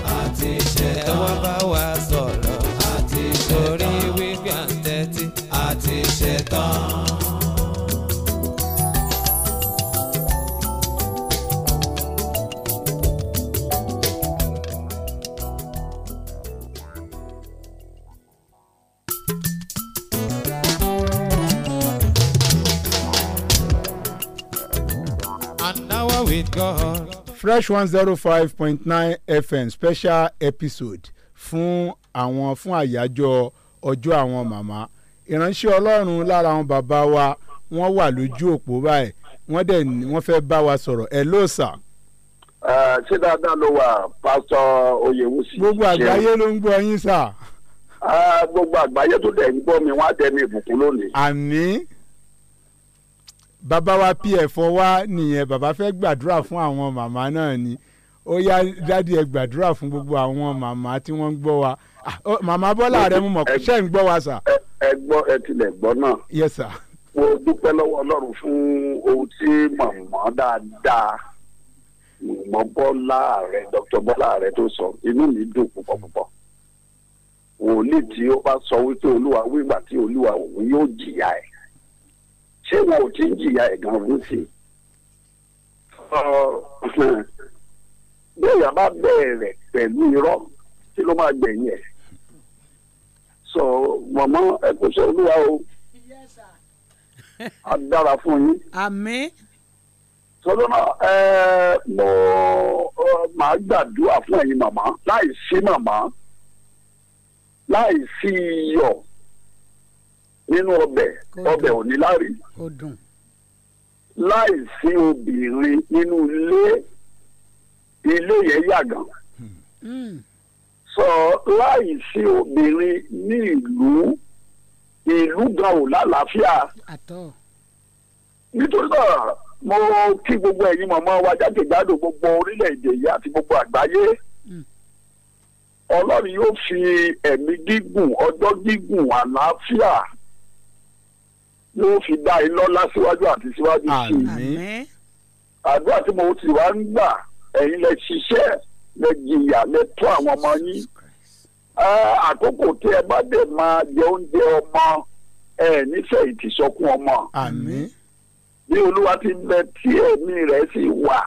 with God. Fresh one zero oh five point nine FM special episode fún àwọn fún àyájọ́ ọjọ́ àwọn màmá ìránṣẹ́ Ọlọ́run lára àwọn bàbá wa wọ́n wà lójú òpó báyìí wọ́n dẹ̀ wọ́n fẹ́ bá wa sọ̀rọ̀ ẹ̀ ló sà. ṣé dáadáa ló wà pásítọ̀ Oyèwùsì. gbogbo àgbáyé ló ń gbọ́ yín sà. gbogbo àgbáyé tó dẹ̀ ń gbọ́ mi wọ́n á dẹ̀ mi ìbùkún lónìí. àmín bàbá wa pf wa nìyẹn bàbá fẹ́ gbàdúrà fún àwọn màmá náà ni ó yá dádì ẹ gbàdúrà fún gbogbo àwọn màmá tí wọ́n ń gbọ́ wa ah, màmá bọ́lá rẹ mú mọ̀ ṣẹ́ ń gbọ́ wa sà. ẹ gbọ́ ẹ tilẹ̀ gbọ́ náà. yes sir. mo dúpẹ́ lọ́wọ́ ọlọ́run fún ohun tí màmá dáadáa mọ̀ bọ́lá rẹ dr bọ́lá rẹ tó sọ inú mi dùn púpọ̀ púpọ̀ wòlíì tí ó bá sọ wípé olúwa wíwà tí olúwa òun yóò jìyà ẹ̀ ṣé wọn ò ti ń jìyà ẹ̀gàn ọ̀hún sí i. bóyá bá bẹ̀rẹ̀ pẹ̀lú irọ́ tí ló máa gbẹ̀yìn ẹ̀. sọ mọ̀mọ́ ẹ olúwa o a dára fún yín. àmín. sọdọ́ náà ẹ mo máa gbàdúrà fún ẹ̀yin màmá láì sí màmá láì sí iyọ̀ nínú ọbẹ̀ ọbẹ̀ ò ní láàrin láì sí obìnrin nínú ilé ilé yẹn yàgàn hmm. hmm. sọ láì sí obìnrin ní ìlú ìlú gan ò lálàáfíà nítorí náà mo kí gbogbo ẹ̀yin mọ̀mọ́ wa jákèjádò gbogbo orílẹ̀-èdè yìí àti gbogbo àgbáyé hmm. ọlọ́run yóò fi ẹ̀mí gígùn ọjọ́ gígùn àlàáfíà yóò fi dá iná lásìwájú àti síwájú sí i àdúrà tí mo ti wá ń gbà ẹ̀yin lẹ ṣiṣẹ́ lẹ jìyà lẹ tó àwọn ọmọ yín àkókò tí ẹ bá dé máa jẹ oúnjẹ ọmọ ẹ nífẹ̀ẹ́ ìtìsọ́kún ọmọ bí olúwa ti bẹ tí ẹ̀mí rẹ̀ sì wà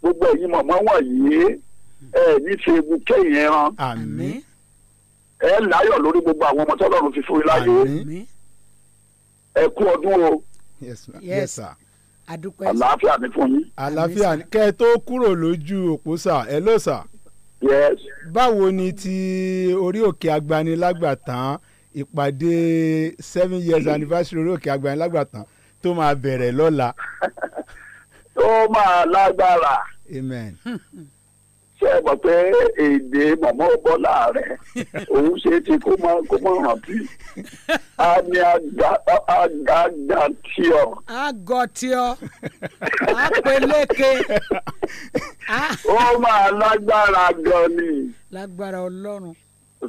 gbogbo ẹ̀yin mọ̀mọ́ wọ̀nyí ẹ ní ṣe egun kéèyàn ẹ láyọ̀ lórí gbogbo àwọn ọmọ tọ́lọ́run fi láyé ẹ kú ọdún o. yes sir. yes sir. adúpẹ́ sir. àlàáfíà ni fún yín. àlàáfíà ni kẹ́ ẹ tó kúrò lójú òpó sà ẹ ló sà. yes. báwo ni ti orí òkè agbanilágbàtàn ìpàdé seven years anniversary orí òkè agbanilágbàtàn tó máa bẹ̀rẹ̀ lọ́la. tó máa lágbára. amen. [LAUGHS] ṣe é mọ̀ pé èdè mọ̀mọ́ bọ́lá rẹ̀ òun ṣe ti kó mọ kó mọ rántí. a ní agagà tí ọ. agọ tí ọ apeléke. ó máa lágbára gan ni. lágbára ọlọ́run.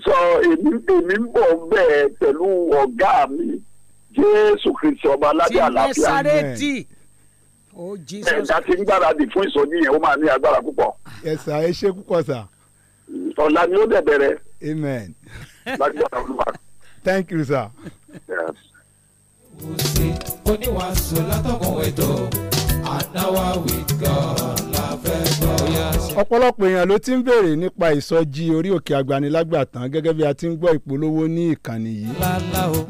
sọ èmi èmi ń bọ̀ bẹ́ẹ̀ pẹ̀lú ọ̀gá mi jésù kristi ọba aládé àlàáfíà. tí ẹ sáré tì. Oh, bẹ́ẹ̀ dá ti ń gbáradì fún ìsọjí yẹn ó máa ní agbára púpọ̀. ẹ sà ẹ ṣe púpọ̀ sà. ọ̀la ni ó dẹ̀ amen. thank you sir. Yes. kò oníwàásù látọkùn ètò adáwà with God la fẹ́ gbọ́. ọ̀pọ̀lọpọ̀ èèyàn ló ti ń béèrè nípa ìsọjí orí òkè agbanilágbà tán gẹ́gẹ́ bí a ti ń gbọ́ ìpolówó ní ìkànnì yìí.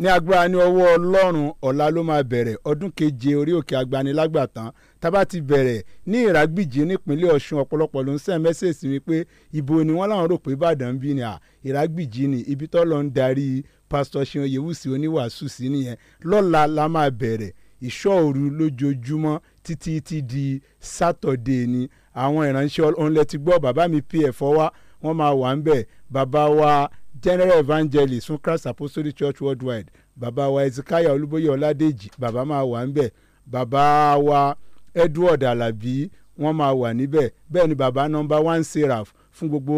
ní agbára ní ọwọ́ ọlọ́run ọ̀la ló máa bẹ̀rẹ̀ ọdún keje orí òkè agbanilágbà tán tábà ti bẹ̀rẹ̀ ní ìràgbìjì nípínlẹ̀ ọ̀ṣun ọ̀pọ̀lọpọ̀ ló ń sẹ́ mẹ́sẹ̀sì mi pé ìbò ni wọ́n láwọn rò pé ìbàdàn ń bí ni à ìràgbìjì ni ibi tó lọ ń darí pásítọ̀ ṣeun yewusi oníwàásù sí nìyẹn lọ́la la máa bẹ̀rẹ̀ ìṣọ́ òru lójoojúmọ́ títí ti di sátọ̀dé ni àwọn ìránṣẹ́ òun lẹ ti gbọ́ bàbá mi pf wá wọ́n máa wà ń bẹ̀ bàbá wa general evangelist fún christ apostolic church worldwide bàbá wa ezekiah olúbóyè ọládèjì bàbá máa wà ń bẹ̀ bàbá wa edward alabi wọ́n máa wà níbẹ̀ bẹ́ẹ̀ ni bàbá number one seraph fún gbogbo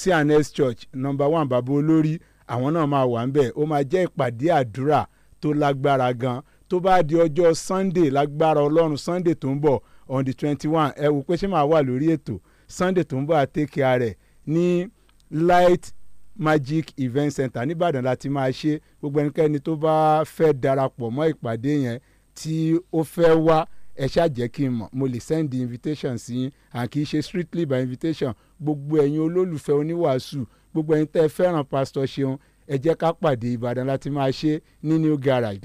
cns church number one bàbá olórí àwọn náà máa wà ń bẹ̀ ó máa jẹ́ ìpàdé àdúrà tó lágbára gan tó bá di ọjọ́ sunday lágbára ọlọ́run sunday tó ń bọ̀ on the twenty one ẹ wò pé ṣé màá wà lórí ètò sunday tó ń bọ̀ àtẹ́kẹ́ rẹ̀ ní light magic event center nìbàdàn láti máa ṣe gbogbo ẹnikẹ́ni tó bá fẹ́ darapọ̀ mọ́ ìpàdé yẹn tí ó fẹ́ wá ẹ ṣáà jẹ́ kí n mọ̀ mo lè send invitation sí yín à kì ṣe strictly by invitation gbogbo ẹ̀yin olólùfẹ́ oníwàásù gbogbo ẹ̀yin tẹ́ fẹ́ràn pastor ṣeun ẹ jẹ́ ká pàdé ìbàdàn láti máa ṣe ní new garage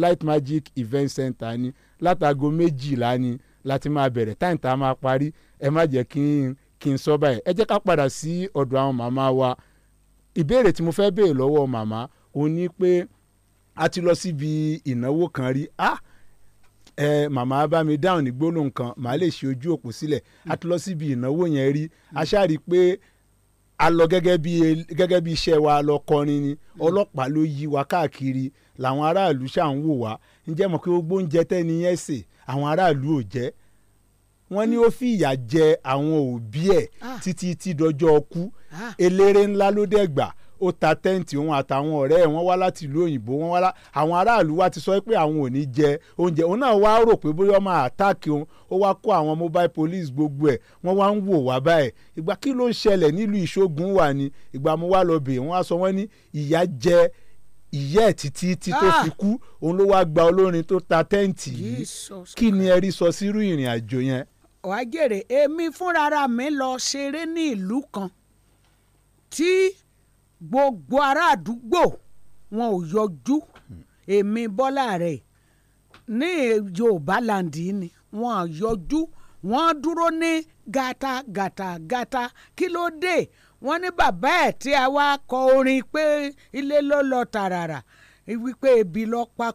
light magic event center ni látago méjìlá ni láti máa bẹ̀rẹ̀ táyìn tá a máa parí ẹ má jẹ́ kí n kí n sọ báyìí ẹ jẹ́ ká padà sí ọ̀dọ̀ àwọn màmá wa ìbéèrè tí mo fẹ́ béèrè lọ́wọ́ màmá ó ní pé a ti lọ síbi ìnáwó kan rí ah ẹ màmá bá mi dáhùn ní gbólóhùn kan màá lè ṣe ojú òpó sílẹ̀ a ti lọ síbi ìnáwó yẹn rí a ṣáà rí pé a lọ gẹ́gẹ́ bí e, gẹ́gẹ́ bí iṣẹ́ wa lọ kọrin ni hmm. ọlọ́pàá ló yí wa káàkiri làwọn aráàlú ṣà ń wò wá ǹjẹ́ mọ̀ pé gbogbo oúnjẹ tẹ́ni yẹn sè àwọn aráàlú ò jẹ́ wọ́n ní ó fi ìyà jẹ àwọn òbí ẹ̀ ah. títí tí dọjọ́ ọkú ah. eléré ńlá ló dẹ̀ gbà ó ta tẹ́ǹtì òun àtàwọn ọ̀rẹ́ ẹ̀ wọ́n wá láti ìlú òyìnbó wọ́n wá lá àwọn aráàlú wa ti sọ pé àwọn ò ní jẹ oúnjẹ òun náà wá rò pé bóyá ọmọ àtàkì òun ó wá kó àwọn mobile police gbogbo ẹ̀ wọ́n wá ń wò wá báyìí ìgbà kí ló ń ṣẹlẹ̀ nílùú ìṣògùn wà ní ìgbà mo wá lọ bè wọ́n wá sọ wọ́n ní ìyá jẹ ìyá ẹ̀ títí tí tó ah! fi kú òun ló wá gba olórin tó ta tẹ́ǹtì ni ẹ rí sọ sírú ìrìn àjò gbogbo ará àdúgbò wọn ò yọjú èmi bọ́lá rẹ̀ ní yorùbá landi ni wọn ò yọjú wọn dúró ní gata gata gata kí ló dé wọn ní bàbá ẹ̀ tí a wá kọ orin pé ilé ló lọ tààràrà wípé ebi ló pa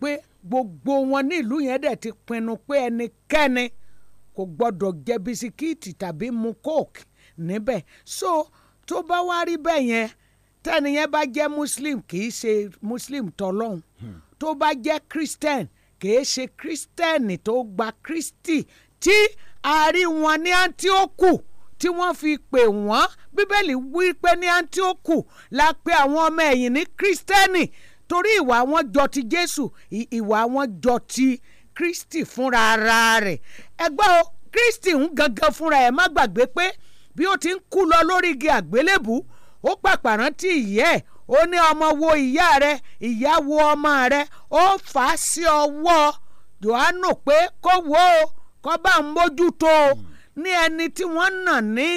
pé gbogbo wọn nílùú yẹn dẹ̀ ti pinnu pé ẹnikẹ́ni kò gbọ́dọ̀ jẹ bisikíìtì tàbí mu coke níbẹ̀ so tó bá wá rí bẹ́ẹ̀ yẹn tẹ́ni yẹn bá jẹ́ muslim kì ṣe muslim tọ́lọ́hún hmm. tó bá jẹ́ christian kì ṣe christian tó gba christy tí àárín wọn ní antioku tí wọ́n fi pè wọ́n bíbélì wí pé ní antioku la pè àwọn ọmọ ẹ̀yìn ní kristẹni torí ìwà wọn jọ ti jésù ìwà wọn jọ ti kristi fúnra ara rẹ̀ ẹgbẹ́ o kristi ń gangan fúnra ẹ̀ má gbàgbé pé bí ó ti ń kú lọ lórí igi àgbélébù ó pàpà rántí ìyá ẹ̀ ó ní ọmọ wo ìyá rẹ ìyá wo ọmọ rẹ ó fà á sí ọwọ́ Jòhánù pé kó wo o kó bá ń mójútó o hmm. ní ẹni tí wọ́n nà ní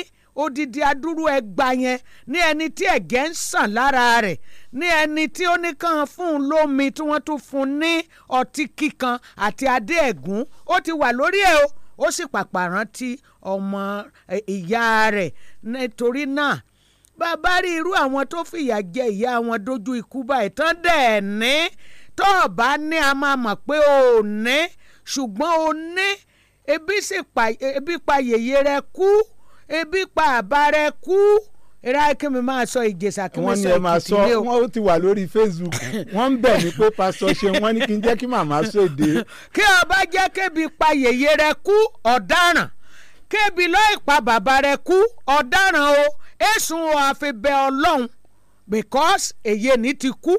odidi adúrú ẹgba yẹn ní ẹni tí ẹ̀gẹ́ ń sàn lára rẹ̀ ní ẹni tí ó ní kàn fún un lómi tí wọ́n tún fún un ní ọtí kíkan àti adé ẹ̀gún ó ti wà lórí ẹ̀ o ó sì pàpà rántí ọmọ ìyá rẹ̀ nítorí náà bàbá rí irú àwọn tó fìyà jẹ ìyá wọn dojú ikú báyìí tán dẹ̀ ní tó o bá ní a máa mọ̀ pé o ní ṣùgbọ́n o ní ebi pa yèyé rẹ kú ebi pa àbá rẹ kú irá kí mi máa sọ ìjẹsà kí mi sọ èkìtì lé o. ti wà lórí facebook wọ́n ń bẹ̀ mí pé pásọ ṣe wọ́n ní kí n jẹ́ kí màmá sòde. kí ọba jẹ́ kébi pa yèyé rẹ kú ọ̀daràn kébi lọ́ọ́ ìpa bàbá rẹ kú ọ̀daràn o èsùn o àfi bẹ ọlọ́run because èyí ni ti kú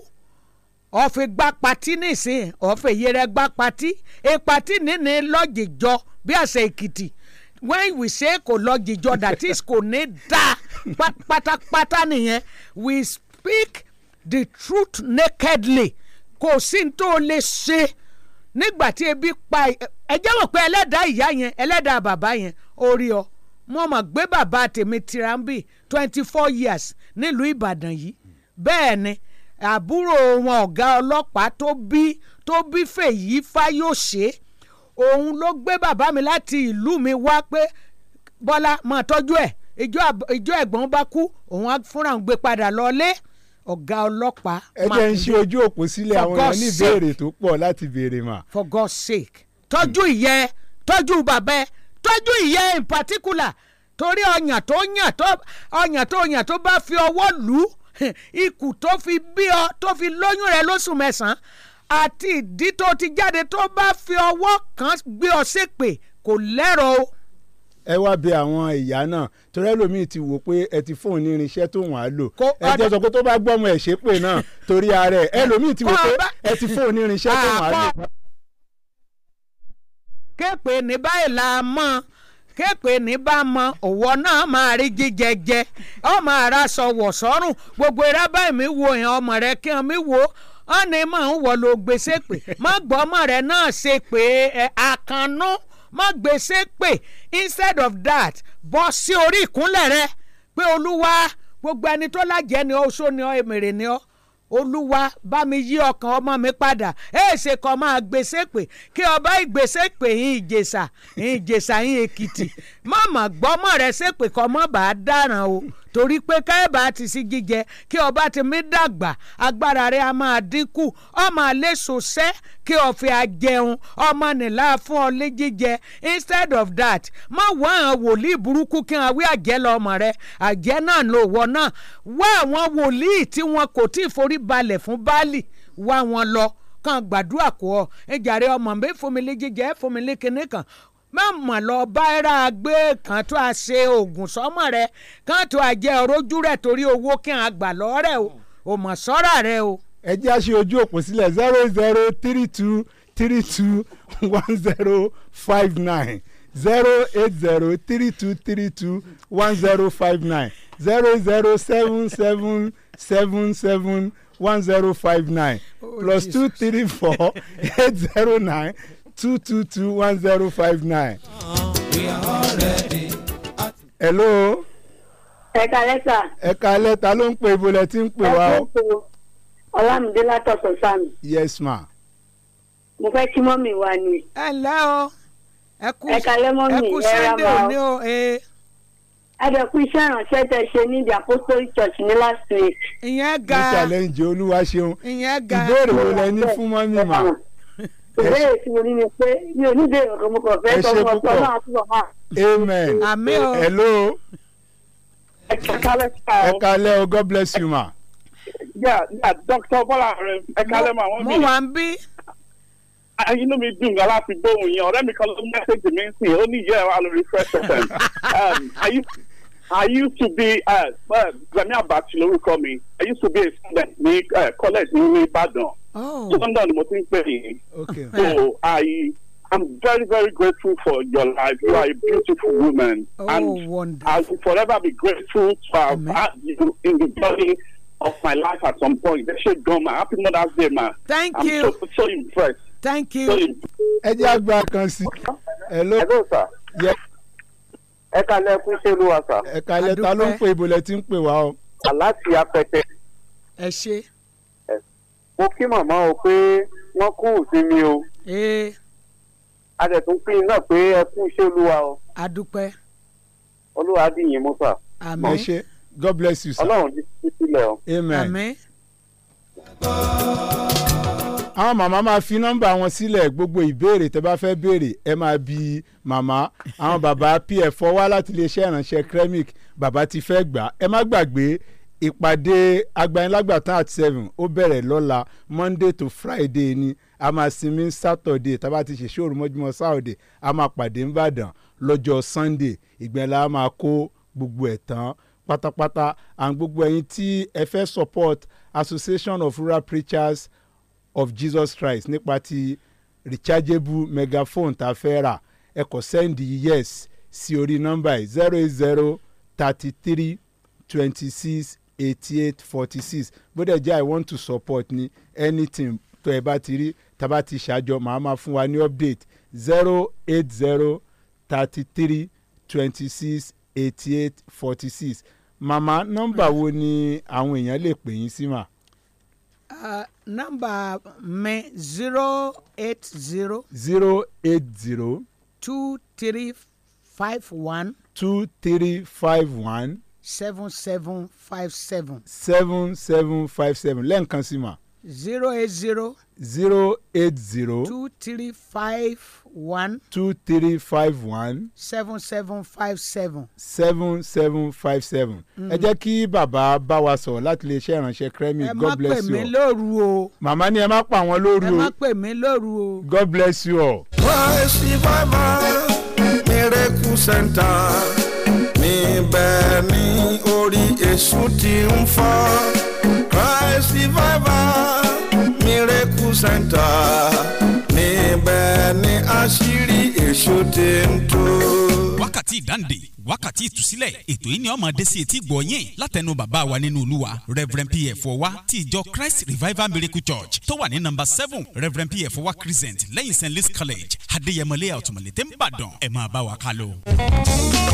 ọ̀fẹ́ gbá patí nísìnyí ọ̀fẹ́ yẹ rẹ gbá patí ìpatí nínú lọ́jì jọ bí àṣẹ èkìtì when we say kò lọ́jì jọ that is kò ní dáa pátápátá nìyẹn we speak the truth nakedly kò sí ní tó lè ṣe nígbà tí ebi pa ẹ jẹ́ wò pé ẹlẹ́dàá ìyá yẹn ẹlẹ́dàá bàbá yẹn orí ọ mo mọ̀ gbé bàbá tèmi tirambi twenty four years nílùú Ìbàdàn yìí bẹ́ẹ̀ ni àbúrò wọn ọ̀gá ọlọ́pàá tó bí tó bí Fèyí Fáyọ̀ṣe òun ló gbé bàbá mi láti ìlú mi wá pé Bọ́lá máa tọ́jú ẹ̀ ìjọ ẹ̀gbọ́n bá kú òun fúnra ń gbé padà lọ́lé ọ̀gá ọlọ́pàá. ẹ jẹ́ ń ṣe ojú òpó sílẹ̀ àwọn èèyàn ní ìbéèrè tó pọ̀ láti béèrè mà. for God's sake tọ́jú ìyẹ́ tọ́jú bàbẹ́ tọ́jú ìyẹ́ in particular torí ọyàn tó yàn tó ọyàn tó yàn tó bá fi ọwọ́ lù ú [LAUGHS] ikù tó fi bí ọ tó fi lóyún rẹ lóṣù mẹ́sàn-án àti ìdí tó ti jáde tó bá fi ọwọ́ kan gbé ọ ṣépè kò lẹ́rọ̀ o ẹ wá bẹ àwọn ìyá náà torí ẹlòmíì ti wò pé ẹ ti fóun ní irinṣẹ́ tó wọ́n á lò ẹ jẹ́ sọ pé tó bá gbọ́mọ ẹ̀ ṣépè náà torí ara ẹ ẹlòmíì ti wò pé ẹ ti fóun ní irinṣẹ́ tó wọ́n á lò. kéèpé ní báyìí la mọ̀ kéèpé ní bá mọ òwò náà máa rí jíjẹ ọmọ ara sọwọ sọrùn gbogbo ìrábà mi wo yẹn ọmọ rẹ kí n mi wo ọ̀nà ìmọ̀ ń wọ̀ ló gbèsè pé má gbọ́ ọmọ rẹ náà ṣe pé àkànnú má gbèsè pè instead of that bọ́ sí orí ìkúnlẹ̀ rẹ pé olúwa gbogbo ẹni tó lájẹ́ ni ọ́ oṣó ni ọ́ èmèrè ni ọ́ olúwa bá mi yí ọkàn ọmọ mi padà èèṣe kan máa gbèsè pè kí ọba ìgbèsè pè yín ìjèṣà yín ìjèṣà yín èkìtì mọ̀mọ́ gbọ́mọ̀ rẹ̀ ṣépè kọ́ mọ́ bá a dáràn o torí pé káyọ̀bá ti sí jíjẹ kí ọba ti mí dàgbà agbára rẹ̀ a máa dínkù ọmọ àlẹ́ sòṣẹ́ kí ọ̀fẹ́ ajẹun ọmọ nìlá fún ọ jíjẹ instead of that má wá àwọn wòlíì burúkú kí wọn wí àjẹ́ lọ ọmọ rẹ àjẹ́ náà ló wọ náà wá àwọn wòlíì tí wọn kò tí ì forí balẹ̀ fún báàlì wá wọn lọ kan gbàdúrà kó ọ ẹ jàre ọmọ mi fún mi lé jíjẹ fún mi lé kinní kan má mọ̀ lọ báírà gbé kan tó a ṣe oògùn sọ́mọ rẹ kan tó a jẹ́ rojú rẹ̀ torí owó kí n gbà lọ́rẹ̀ o ò mọ̀ sọ́ra rẹ o. ẹ jẹ́ àṣẹ ojú òpó sílẹ̀ zero zero three two three two one zero five nine zero eight zero three two three two one zero five nine zero zero seven seven seven seven one zero five nine oh, plus two three four eight zero nine two two two one zero five nine. hello. ẹ̀ka lẹ́tà. ẹ̀ka lẹ́tà ló ń pè ibo lẹ ti ń pè wá ọlámídé látọ̀sọ̀ sami. yes ma. mo fẹ́ kí mọ́mì wa ni. ẹ ǹlẹ́ o ẹ kú sunday òní o. Adẹ̀kú e. iṣẹ́ ìrànṣẹ́ tẹ ṣe ní the Apostolic Church ní last week. Ìyẹn ga. Mo ṣàlẹ́ ǹjẹ́ olúwa ṣeun. Ìyẹn ga. Ìbéèrè wo lẹ ní fún mọ́mì mà? ìbéèrè tí mo ní ni pé mi ò ní ìbéèrè ọkọ mo kàn fẹ́ tọmọ ọtọ náà túbọ̀ máa. amen Hello. o hello. ẹ kalẹ o god bless you ma. ya ya dr bọlá rẹ ẹ kalẹ ma wọn mi. mo wà ń bí. inú mi dùn gan láti gbóhùn yẹn ọ̀rẹ́ mi kan ló mẹ́sẹ̀gì mi ń sìn ó ní ìyá ẹ̀ wà lórí fresh fm. I used to be Gbemi uh, Abati lórúkọ mi. I used to be a student ní uh, college ní Ìbàdàn. Oh. London mo ti ń pè yín. Okay. So I am very very grateful for your life. You are a beautiful woman. Oh, and wonderful. I will forever be grateful to have had you in the body of my life at some point. Ẹ ṣe gan ma. Happy Mother's Day ma. Thank I'm you. I'm so, so impressed. Thank you. Ẹ jẹ́ àgbà kan sí. Hello. Hello sir. Yeah ẹ kalẹ kú sẹlú wa sà. ẹ kalẹ ta ló ń pè ibùlẹ̀ tí ń pè wá o. aláti apẹtẹ. ẹ ṣe. mo kí màmá o pé wọ́n kú ìsinmi o. a dẹ̀ tún pín in náà pé ẹ kú sẹ́lú wa o. a dúpẹ́. olúwa dìyìn mú sà. àmín ẹ ṣe god bless you sir. ọlọ́run ti sílẹ̀ o. amen. amen àwọn màmá máa fi nọ́mbà wọn sílẹ̀ gbogbo ìbéèrè tẹ́ bá fẹ́ béèrè ẹ máa bi màmá àwọn bàbá pf wá láti iléeṣẹ́ ìrànṣẹ́ kremik bàbá ti fẹ́ gbà ẹ má gbàgbé ìpàdé agbanilágbàtàn at seven ó bẹ̀rẹ̀ lọ́la monday to friday ni a máa sinmi saturday tá a bá ti ṣe ṣòro mọ́júmọ́ saturday a máa pàdé nìbàdàn lọ́jọ́ sunday ìgbẹ́la a máa kó gbogbo ẹ̀ tán pátápátá and gbogbo ẹ̀yin tí ẹ fẹ́ support association of rural preachers of Jesus Christ nípa ti rechargeable megaphone tá a fẹ́ rà ẹ kò send yes sí orí nọ́mbà yìí zero eight zero thirty three twenty six eighty eight forty six bódẹ̀ jẹ́ i want to support ni anything tó ẹ bá ti rí tábà ti ṣàjọ màá máa fún wa ní update zero eight zero thirty three twenty six eighty eight forty six màmá nọ́mbà wo ni àwọn èèyàn lè pè yín sí mà. Number mi zero eight zero. zero eight zero. two three five one. two three five one. seven seven five seven. seven seven five seven lẹ́ǹkan sí ma zero eight zero. zero eight zero. two three five one. two three five one. seven seven five seven. seven seven five seven. ẹ jẹ́ kí bàbá bá wa sọ̀rọ̀ láti lè ṣe ìrànṣẹ́ kremi god bless you all. ẹ má pè mí lóru o. màmá ni ẹ má pa àwọn lóru o. ẹ má pè mí lóru o. god bless you all. sí bàbá miracle center níbẹ̀ ni orí èṣù ti ń fọ́ christ revival sẹ́ńtà níbẹ̀ ni àṣírí èso ti ń tó. wákàtí ìdáǹdè wákàtí ìtúsílẹ̀ ètò yìí ni ó máa dé sí etí gbọ̀ yín látẹnu bàbá wa nínú olúwa reverend pf ọwa ti ìjọ christ revival miracle church tó wà ní nọ́mbà seven reverend pf ọwa crescent lẹ́yìn st louis college adéyẹmọlẹ́ àtùmọ̀lẹ́ tẹ́ ń bàdàn ẹ máa bá wa ká lọ.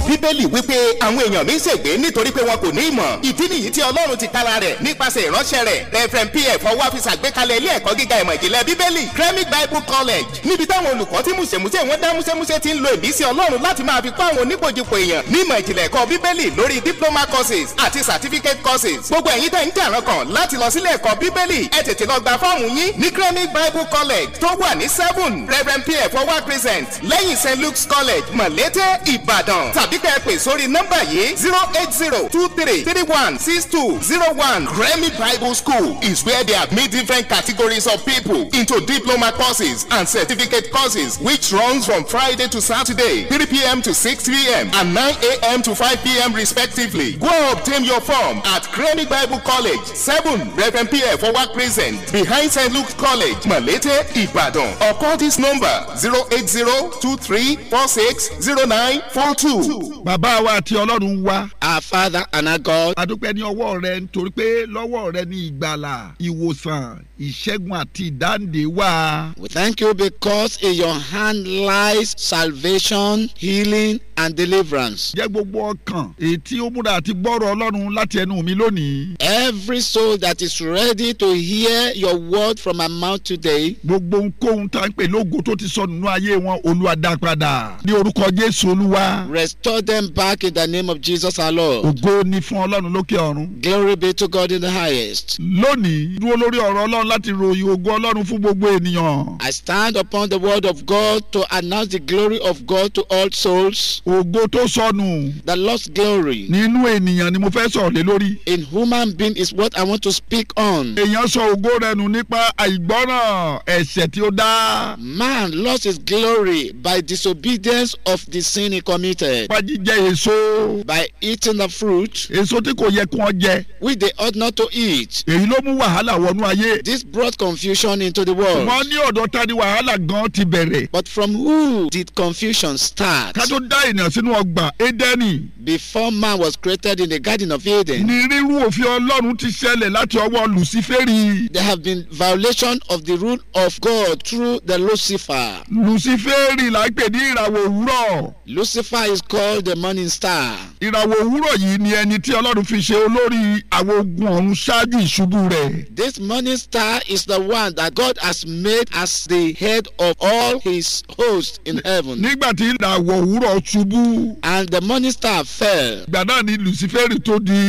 bíbélì wípé àwọn èèyàn mi ṣègbé nítorí pé wọn kò ní ìmọ̀ ìdí nìyí tí ọlọ́run ti tara rẹ̀ nípasẹ̀ ìránṣẹ́ rẹ̀ reverend pf ọwa fi ṣàgbékalẹ̀ ilé ẹ̀kọ́ gíga ìmọ̀ ìjìnlẹ̀ bíbélì kremik bible college níbi táwọn olùkọ́ tí mùsèmùsè wọn dá mùsèmùsè ti ń lo ìbísí ọlọ́run láti máa fi ènìyàn ní ìmọ̀ ìjìnlẹ̀ ẹ̀kọ́ bíbélì lórí diploma courses àti certificate courses gbogbo ẹ̀yin tẹ̀ ń jàrán kan láti lọ sílé ẹ̀kọ́ bíbélì ẹ tètè lọ gba fọ́ọ̀mù yín ní kremlin bible college tó wà ní seven reverend pf ọwá present lẹ́yìn st luke's college mọ̀lété ìbàdàn tàbí kẹ́ ẹ pè sórí nọ́mbà yìí zero eight zero two three three one six two zero one kremlin bible school is where they have made different categories of people into diploma courses and certificate courses which runs from friday to saturday three pm to six pm and nine. 9 a.m. to 5 p.m. respectively. Go obtain your form at Chronic Bible College, 7 Rev P.F. Forward Crescent, behind St. Luke's College, Malete, Ibadan. Or call this number 08023460942. Baba wa ti Ọlọ́run wa. Our Father and our God. Adúpẹ́ ní ọwọ́ rẹ nítorí pé lọ́wọ́ rẹ ní ìgbàlà, ìwòsàn, ìṣẹ́gun àti ìdáǹdè wà. We thank you because in your hand lies salvation, healing, and deliverance. jẹ́ gbogbo ọkàn ètí ó àti gbọ́rọ̀ ọlọ́run láti ẹnu mi lónìí. every soul that is ready to hear your word from my mouth today. gbogbo ohunkóhun tá à pè lógo tó ti sọnù nínú ayé wọn olúwa ní orúkọ jésù olúwa. restore them back in the name of jesus our lord. ògo ni fún ọlọ́run lókè ọ̀run. glory be to God in the highest. lónìí dúró lórí ọ̀rọ̀ ọlọ́run láti ròyìn ògo ọlọ́run fún gbogbo ènìyàn. I stand upon the word of God to announce the glory of God to all souls ògo tó sọnù. the lost glory. nínú ènìyàn ni mo fẹ́ sọ̀rọ̀ lé lórí. in human being is what I want to speak on. èèyàn sọ ògo rẹ̀ nù nípa àìgbọ́ràn ẹ̀ṣẹ̀ tí ó dá. man lost his glory by disobedience of the sin he committed. nípa jíjẹ èso. by eating the fruit. èso tí kò yẹ kí wọ́n jẹ. which they ought not to eat. èyí ló mú wàhálà wọnú ayé. this brought confusion into the world. wọ́n ní ọ̀dọ̀ ta ni wàhálà gan ti bẹ̀rẹ̀. but from who did confusion start? ká tó dá ènìyàn sínú ọgbà Édẹ́nì. Before man was created in the Garden of Eden. Ni rírú òfin Ọlọ́run ti ṣẹlẹ̀ láti ọwọ́ Luciferi. There have been violation of the rule of God through the Lucifer. Luciferi la pè ní ìràwọ̀ òwúrọ̀. Lucifer is called the morning star. Ìràwọ̀ òwúrọ̀ yìí ni ẹni tí Ọlọ́run fi ṣe olórí àwọn ogun ọ̀run ṣáájú ìṣubú rẹ̀. This morning star is the one that God has made as the head of all his hosts in heaven. Nígbà tí ìràwọ̀ òwúrọ̀ ṣubú. And the morning star fell. Ìgbà ni Lucifer tó di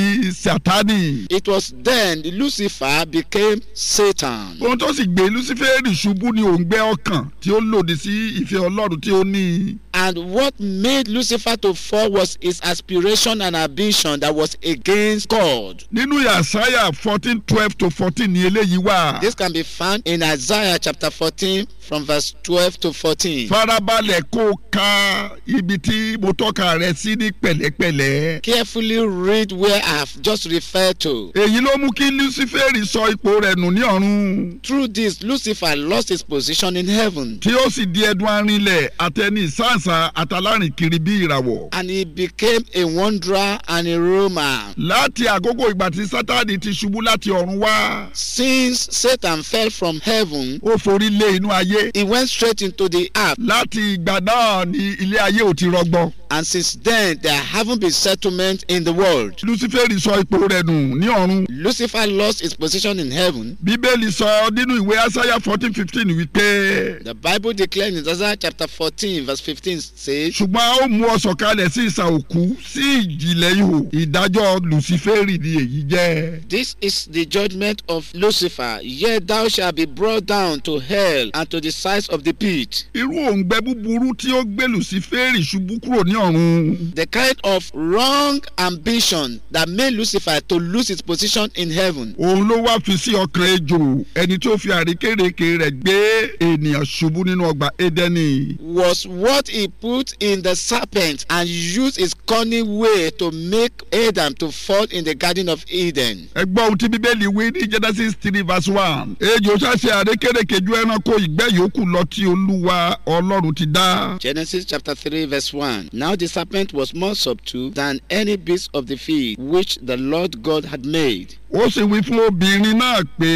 Sátánì. It was then Lucifer became Satan. Ohun tó sì gbé Lucifer ṣubú ni òǹgbẹ ọkàn tí ó lòdì sí ìfẹ́ Ọlọ́run tí ó ní. And what made Lucifer to fall was his aspiration and ambition that was against God. Nínú Isaiah fourteen twelve to fourteen ni eléyìí wà. This can be found in Isaiah chapter fourteen from verse twelve to fourteen. Farabalẹ̀ kó ka ibi tí mo tọ́ka rẹ̀ sí ní pẹ̀lẹ́pẹ̀lẹ́. Carefully read where I have just referred to. Èyí ló mú kí Lucifer sọ ipò rẹ̀ nù ní ọ̀run. Through this, Lucifer lost his position in heaven. Tí ó sì di ẹdun arinlẹ̀ àtẹni sáǹsì àṣà àtàlárìn kiri bí ìràwọ̀. and he became a wanderer and a roamer. láti àkókò ìgbà tí sátani ti ṣubú láti ọ̀run wá. since satan fell from heaven. ó forí lé inú ayé. he went straight into the earth. láti ìgbà náà ni ilé ayé ò ti rọgbọ and since then there haven't been settlement in the world. Lucifer sọ ipò rẹ̀ nù ní ọ̀run. Lucifer lost his position in heaven. Bíbélì sọ nínú ìwé Isaiah fourteen fifteen wípé. The Bible declares in Isaiah chapter fourteen verse fifteen says. Ṣùgbọ́n ó mú ọ sọ̀kalẹ̀ sí ìsà òkú sí ìjìnlẹ̀ ihò ìdájọ́ Lucifer ni èyí jẹ́. This is the judgment of Lucifer yet thou shalt be brought down to hell and to the sides of the pit. Irú òǹgbẹ búburú tí ó gbé Lucifer ṣubú kúrò ní ọ̀run. the kind of wrong ambition that made Lucifer to lose his position in heaven. òun ló wá fi sí ọkàn ejò ẹni tó fi àríkèrèkè rẹ̀ gbé ènìyàn ṣubú nínú ọgbà Édẹ́nì. was what he put in the serpent and used his cunning way to make Adam to fall in the garden of Eden. ẹ ohun tí bíbélì wí ní Genesis three verse one. ejò ṣàṣe àríkèrèkè ju ẹranko ìgbẹ́ yòókù lọ tí olúwa ọlọ́run ti dá. Genesis chapter three verse one. now Now the serpent was more subtle than any beast of the field which the Lord God had made. ó sì wí fún obìnrin náà pé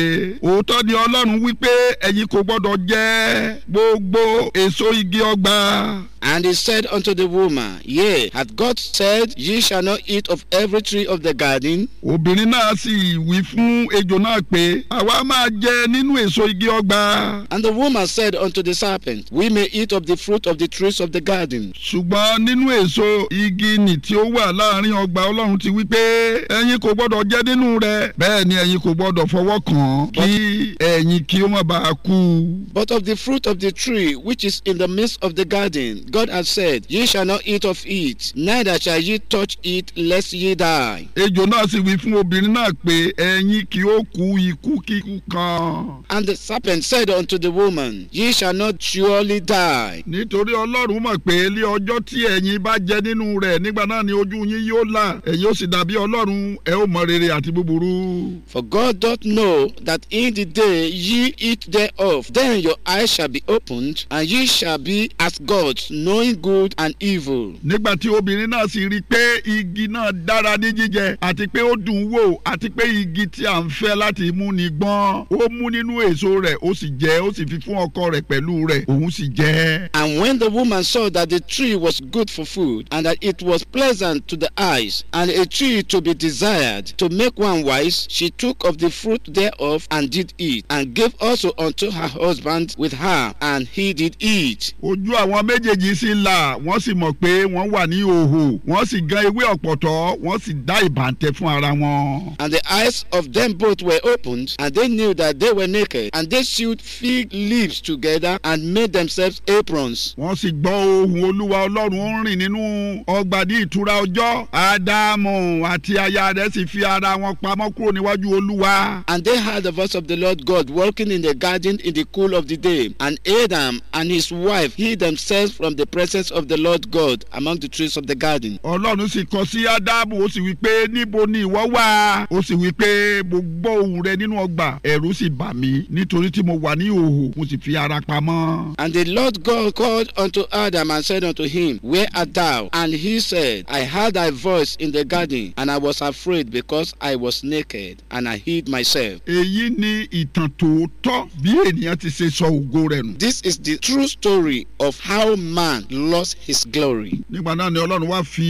òótọ́ ni ọlọ́run wípé ẹ̀yin kò gbọ́dọ̀ jẹ gbogbo èso igi ọgbà. And he said unto the woman, Yea, hath God said, Ye shall not eat of every tree of the garden? Obìnrin náà sì wí fún ejò náà pé, Àwa máa jẹ nínú èso igi ọgbà. And the woman said unto the serpent, We may eat of the fruit of the trees of the garden. Ṣùgbọ́n nínú nínú èso igi nì tí ó wà láàrin ọgbà ọlọ́run ti wí pé ẹ̀yin kò gbọ́dọ̀ jẹ nínú rẹ̀ bẹ́ẹ̀ ni ẹ̀yin kò gbọ́dọ̀ fọwọ́ kàn kí ẹ̀yin kí ó má bàa kú. But of the fruit of the tree which is in the midst of the garden, God has said, Ye shall not eat of it, neither shall ye touch it, lest ye die. Ejò náà sì wí fún obìnrin náà pé ẹ̀yin kì ó kú ikú kíkú kan. And the serpent said unto the woman, Ye shall not surely die. Nítorí Ọlọ́run mọ̀ pé ilé ọjọ́ tí ẹ̀yin ẹ̀yin bá jẹ nínú rẹ̀ nígbà náà ni ojú yín yóò là ẹ̀yin ó sì dàbí ọlọ́run ẹ ó mọ rere àti búburú. For God doth know that in the day ye eat thereof, then your eyes shall be opened, and ye shall be as gods, knowing good and evil. nígbà tí obìnrin náà sì rí i pé igi náà dára ní jíjẹ àti pé ó dùn wò àti pé igi tí à ń fẹ́ láti mú ni gbọ́n ó mú nínú èso rẹ̀ ó sì jẹ ó sì fi fún ọkọ rẹ̀ pẹ̀lú rẹ̀ òun sì jẹ. And when the woman saw that the tree was good for food, and that it was pleasant to the eyes, and a tree to be desired to make one wise, she took of the fruit thereof and did eat, and gave also unto her husband with her, and he did eat. Ojú àwọn méjèèjì sì là, wọ́n sì mọ̀ pé wọ́n wà ní òhò, wọ́n sì gan ewé ọ̀pọ̀tọ́, wọ́n sì dá ìbàǹtẹ́ fún ara wọn. And the eyes of them both were opened, and they knew that they were naked, and they sewed fig leaves together and made themselves aprons. Wọ́n sì gbọ́ ohùn Olúwa Ọlọ́run ó ń rìn nínú ọgbàdì ìtura ọjọ́ ádámù àti aya rẹ̀ sì fi ara wọn pamọ́ kúrò níwájú olúwa. and they heard the voice of the lord god walking in the garden in the cool of the day and adam and his wife hid themselves from the presence of the lord god among the trees of the garden. ọlọ́run sì kọ sí ádámù ó sì wí pé níbo ni ìwọ wà ó sì wí pé mo gbọ́ rẹ nínú ọgbà ẹ̀rù sì bà mí nítorí tí mo wà ní ìhòòhò mo sì fi ara pamọ́. and the lord god called unto adam and said unto him where at And he said, I heard thy voice in the garden, and I was afraid because I was naked, and I hid myself. Èyí ni ìtàn tòótọ́ bí ènìyàn ti ṣe sọ ògo rẹ̀ nù. This is the true story of how man lost his glory. Nígbà náà ni Ọlọ́run wá fi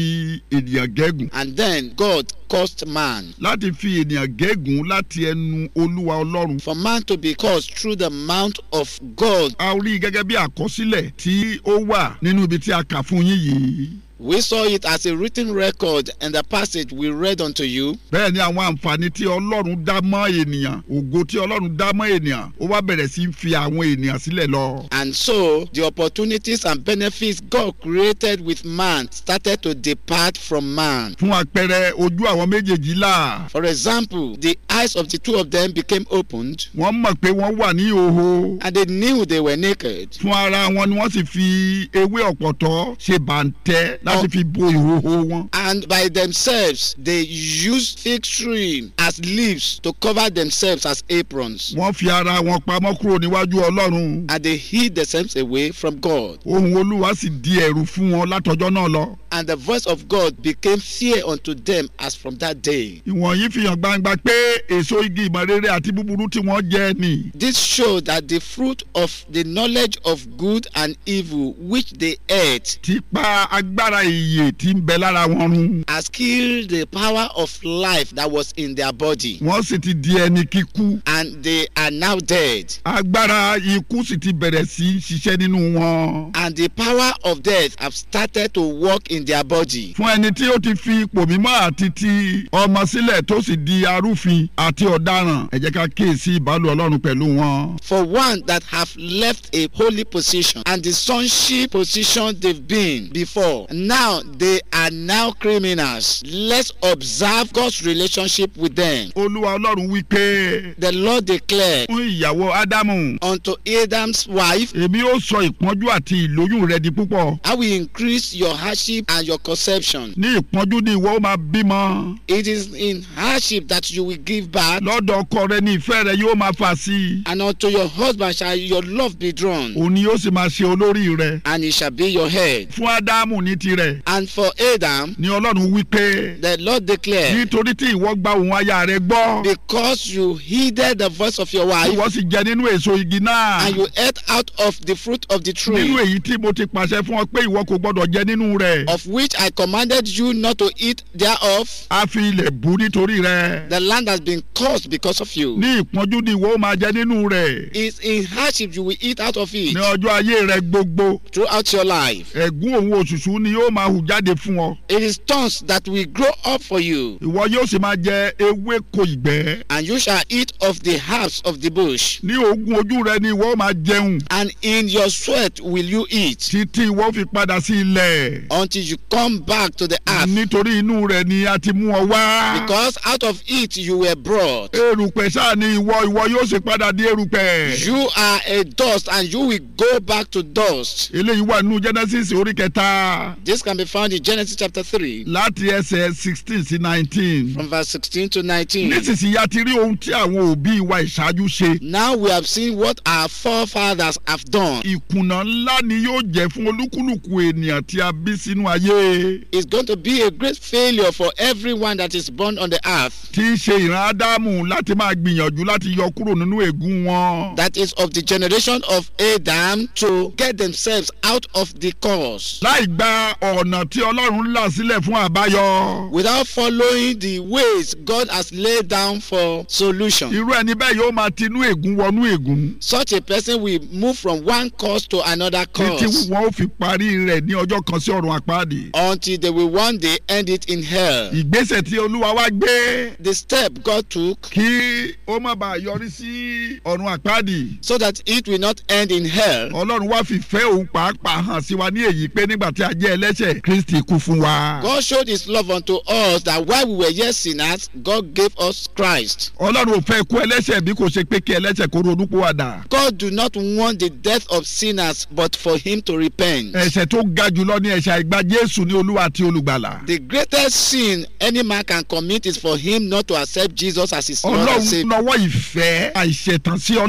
ènìyàn gẹ́gùn. And then God accursed man. láti fi ènìyàn gégùn láti ẹnu olúwa ọlọ́run. for man to be cursed through the mount of God. a rí i gẹ́gẹ́ bí àkọsílẹ̀ tí ó wà nínú ibi tí a kà fún yín yìí. We saw it as a written record and the passage we read unto you. Bẹ́ẹ̀ ni àwọn àǹfààní tí Ọlọ́run dá mọ́ ènìyàn ògo tí Ọlọ́run dá mọ́ ènìyàn ó wá bẹ̀rẹ̀ sí í fi àwọn ènìyàn sílẹ̀ lọ. And so the opportunities and benefits God created with man started to depart from man. Fún àpẹẹrẹ ojú àwọn méjèèjì là. For example, the eyes of the two of them became opened. Wọ́n mọ̀ pé wọ́n wà ní ìhòhò. And they knew they were naked. Fún ara wọn ni wọ́n sì fi ewé ọ̀pọ̀tọ́ ṣe bàǹtẹ́ That's if people ìhòhò wọn. And by themselves they use fig tree as leaves to cover themselves as aprons. Wọ́n fi ara wọn pamọ́ kúrò níwájú Ọlọ́run. And they hid themselves away from God. Ohùn Olúwa sì di ẹ̀rù fún wọn látọjọ́ náà lọ. And the voice of God became fear unto them as from that day. Ìwọ̀nyí fi hàn gbangba pé èso igi ìmọ̀ àti búburú tí wọ́n jẹ ni. This showed that the fruit of the knowledge of good and evil which they ate. Ti pa agbára agbára ìyè tí ń bẹ lára wọn run. has killed the power of life that was in their body. wọ́n sì ti di ẹni kíkú. and they are now dead. agbára ikú sì ti bẹ̀rẹ̀ sí ṣiṣẹ́ nínú wọn. and the power of death have started to work in their body. fún ẹni tí ó ti fi ipò mímọ́ àti ti ọmọ sílẹ̀ tó sì di arúfin àti ọ̀daràn ẹ ká kíyèsí ìbálò Ọlọ́run pẹ̀lú wọn. for one that have left a holy position and the sonship position they've been before now they are now criminals let's observe God's relationship with them. olúwa ọlọ́run wí pé. the Lord declared. fún ìyàwó ádámù. unto Adam's wife. èmi ó sọ ìpọ́njú àti ìlóyún rẹ di púpọ̀. I will increase your hardship and your conception. ní ìpọ́njú ni ìwọ máa bímọ. it is in hardship that you will give birth. lọ́dọ̀ ọkọ rẹ ni ìfẹ́ rẹ yóò máa fà sí. and unto your husband shall your love be drawn. òun ni ó sì máa ṣe olórí rẹ. and he shall be your head. fún ádámù ní ti rẹ̀. and for Adam. ni Ọlọ́run wí pé. the Lord declared. nítorí tí ìwọ gba òun aya rẹ gbọ́. because you heeded the voice of your wife. ìwọ sì jẹ nínú èso igi náà. and you ate out of the fruit of the tree. nínú èyí tí mo ti pàṣẹ fún ọ pé ìwọ kò gbọdọ̀ jẹ nínú rẹ̀. of which I commanded you not to eat thereof. a fi ilẹ̀ bú nítorí rẹ̀. the land has been cursed because of you. ní ìpọ́njú ni ìwọ máa jẹ nínú rẹ̀. is in hardship you will eat out of it. ní ọjọ́ ayé rẹ gbogbo. throughout your life. ẹ̀gún òun òṣùṣù ni yóò yóò máa hù jáde fún ọ. It is thorns that will grow up for you. Ìwọ yóò sì máa jẹ ewéko ìgbẹ́. And you shall eat of the herbs of the bush. Ní oògùn ojú rẹ ni ìwọ máa jẹun. And in your sweat will you eat. Títí ìwọ fi padà sí ilẹ̀. Until you come back to the earth. Nítorí inú rẹ̀ ni a ti mú ọ wá. Because out of it you were brought. Erùpẹ̀ sáà ni ìwọ ìwọ yóò sì padà di erùpẹ̀. You are a dust and you will go back to dust. Eléyìí wà nínú Genesis orí kẹta. This This can be found in Genesis chapter three. Láti ẹsẹ̀ sixteen sí nineteen. From verse sixteen to nineteen. Nísinsìnyí a ti rí ohun tí àwọn òbí wa ìṣáájú ṣe. Now we have seen what our forefathers have done. Ìkùnà ńlá ni yóò jẹ́ fún olúkúlùkù ènìyàn tí a bí sínú ayé. It's going to be a great failure for everyone that is born on the earth. Tí í ṣe ìran Ádámù láti máa gbìyànjú láti yọ kúrò nínú ègún wọn. That is of the generation of Adam to get themselves out of the cause. Láì gba ọ̀nà tí ọlọ́run là sílẹ̀ fún àbáyọ. without following the ways God has laid down for solution. irú ẹni bẹ́ẹ̀ yóò máa tinú ègún wọnú ègún. such a person will move from one cause to another cause. títí wọn ò fi parí rẹ̀ ní ọjọ́ kan sí ọ̀run àpáàdì. until they will one day end it in hell. ìgbésẹ̀ tí olúwa wá gbé. the step God took. kí ó má bàa yọrí sí ọ̀run àpáàdì. so that it will not end in hell. ọlọ́run wá fìfẹ́ òun pàápàá hàn sí wa ní èyí pé nígbà tí a jẹ́ ẹlẹ́ ẹlẹ́ṣẹ̀ Kristi kú fún wa. God showed his love unto us that while we were yet sinners God gave us Christ. Ọlọ́run ò fẹ́ ikú ẹlẹ́ṣẹ̀ bí kò ṣe pé kí ẹlẹ́ṣẹ̀ kó ronú kó wà God do not want the death of sinners but for him to repent. Ẹ̀ṣẹ̀ tó ga jùlọ ni ẹ̀ṣẹ̀ àìgbà Jésù ní Olúwa àti Olùgbàlà. The greatest sin any man can commit is for him not to accept Jesus as his Lord and Savior. Ọlọ́run lọ́wọ́ ìfẹ́ àìṣẹ̀tàn sí ọ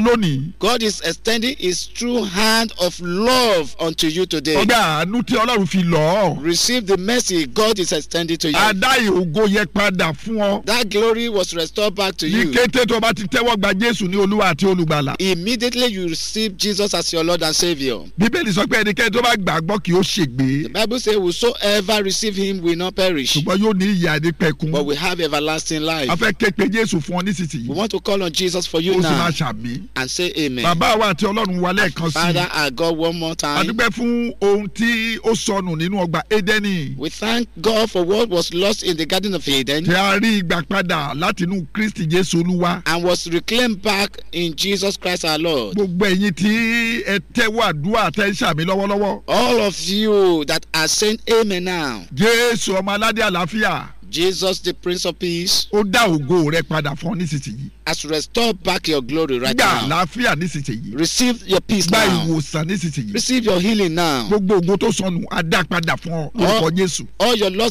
God is extending his true hand of love unto you today. Ọgbà àánú tí Ọlọ́run fi lọ receive the mercy God is extending to you. adá ìhògo yẹ padà fún ọ. that glory was restored back to you. ní kété tó o bá ti tẹ́wọ́ gba Jésù ní Olúwa àti Olùgbàlà. immediately you receive Jesus as your Lord and Saviour. Bíbélì sọ pé ẹnikẹ́ni tó bá gbàgbọ́ kì í ó the Bible say whosoever receive him we not perish. ṣùgbọ́n yóò ní ìyà ní pẹ̀kun. but we have everlasting life. a fẹ́ ké pe Jésù fún ọ nísinsìnyí. we want to call on Jesus for you now. ó sì máa ṣàmì. and say amen. bàbá wa àti Ọlọ́run wa lẹ́ẹ̀kan sí i. Father our God one more time. a fún ohun tí ó sọnù nínú ọgbà Édẹ́nì. We thank God for what was lost in the Garden of Eden. Tí a rí ìgbà padà láti inú Kristi Jésù Olúwa. And was reclaimed back in Jesus Christ our Lord. Gbogbo ẹ̀yin tí ẹ tẹ́wọ́ àdúrà tẹ́ ń ṣàmì lọ́wọ́lọ́wọ́. All of you that are saying amen now. Jésù ọmọ aládé àlàáfíà. Jesus the Prince of Peace. ó dá ògo rẹ padà fún ọ nísinsìnyí. has restored back your glory right yeah, now. gba àlàáfíà nísinsìnyí. receive your peace By now. gba ìwòsàn nísinsìnyí. receive your healing now. gbogbo ògo tó sọnù á dá padà fún ọ lórúkọ Jésù. all your lost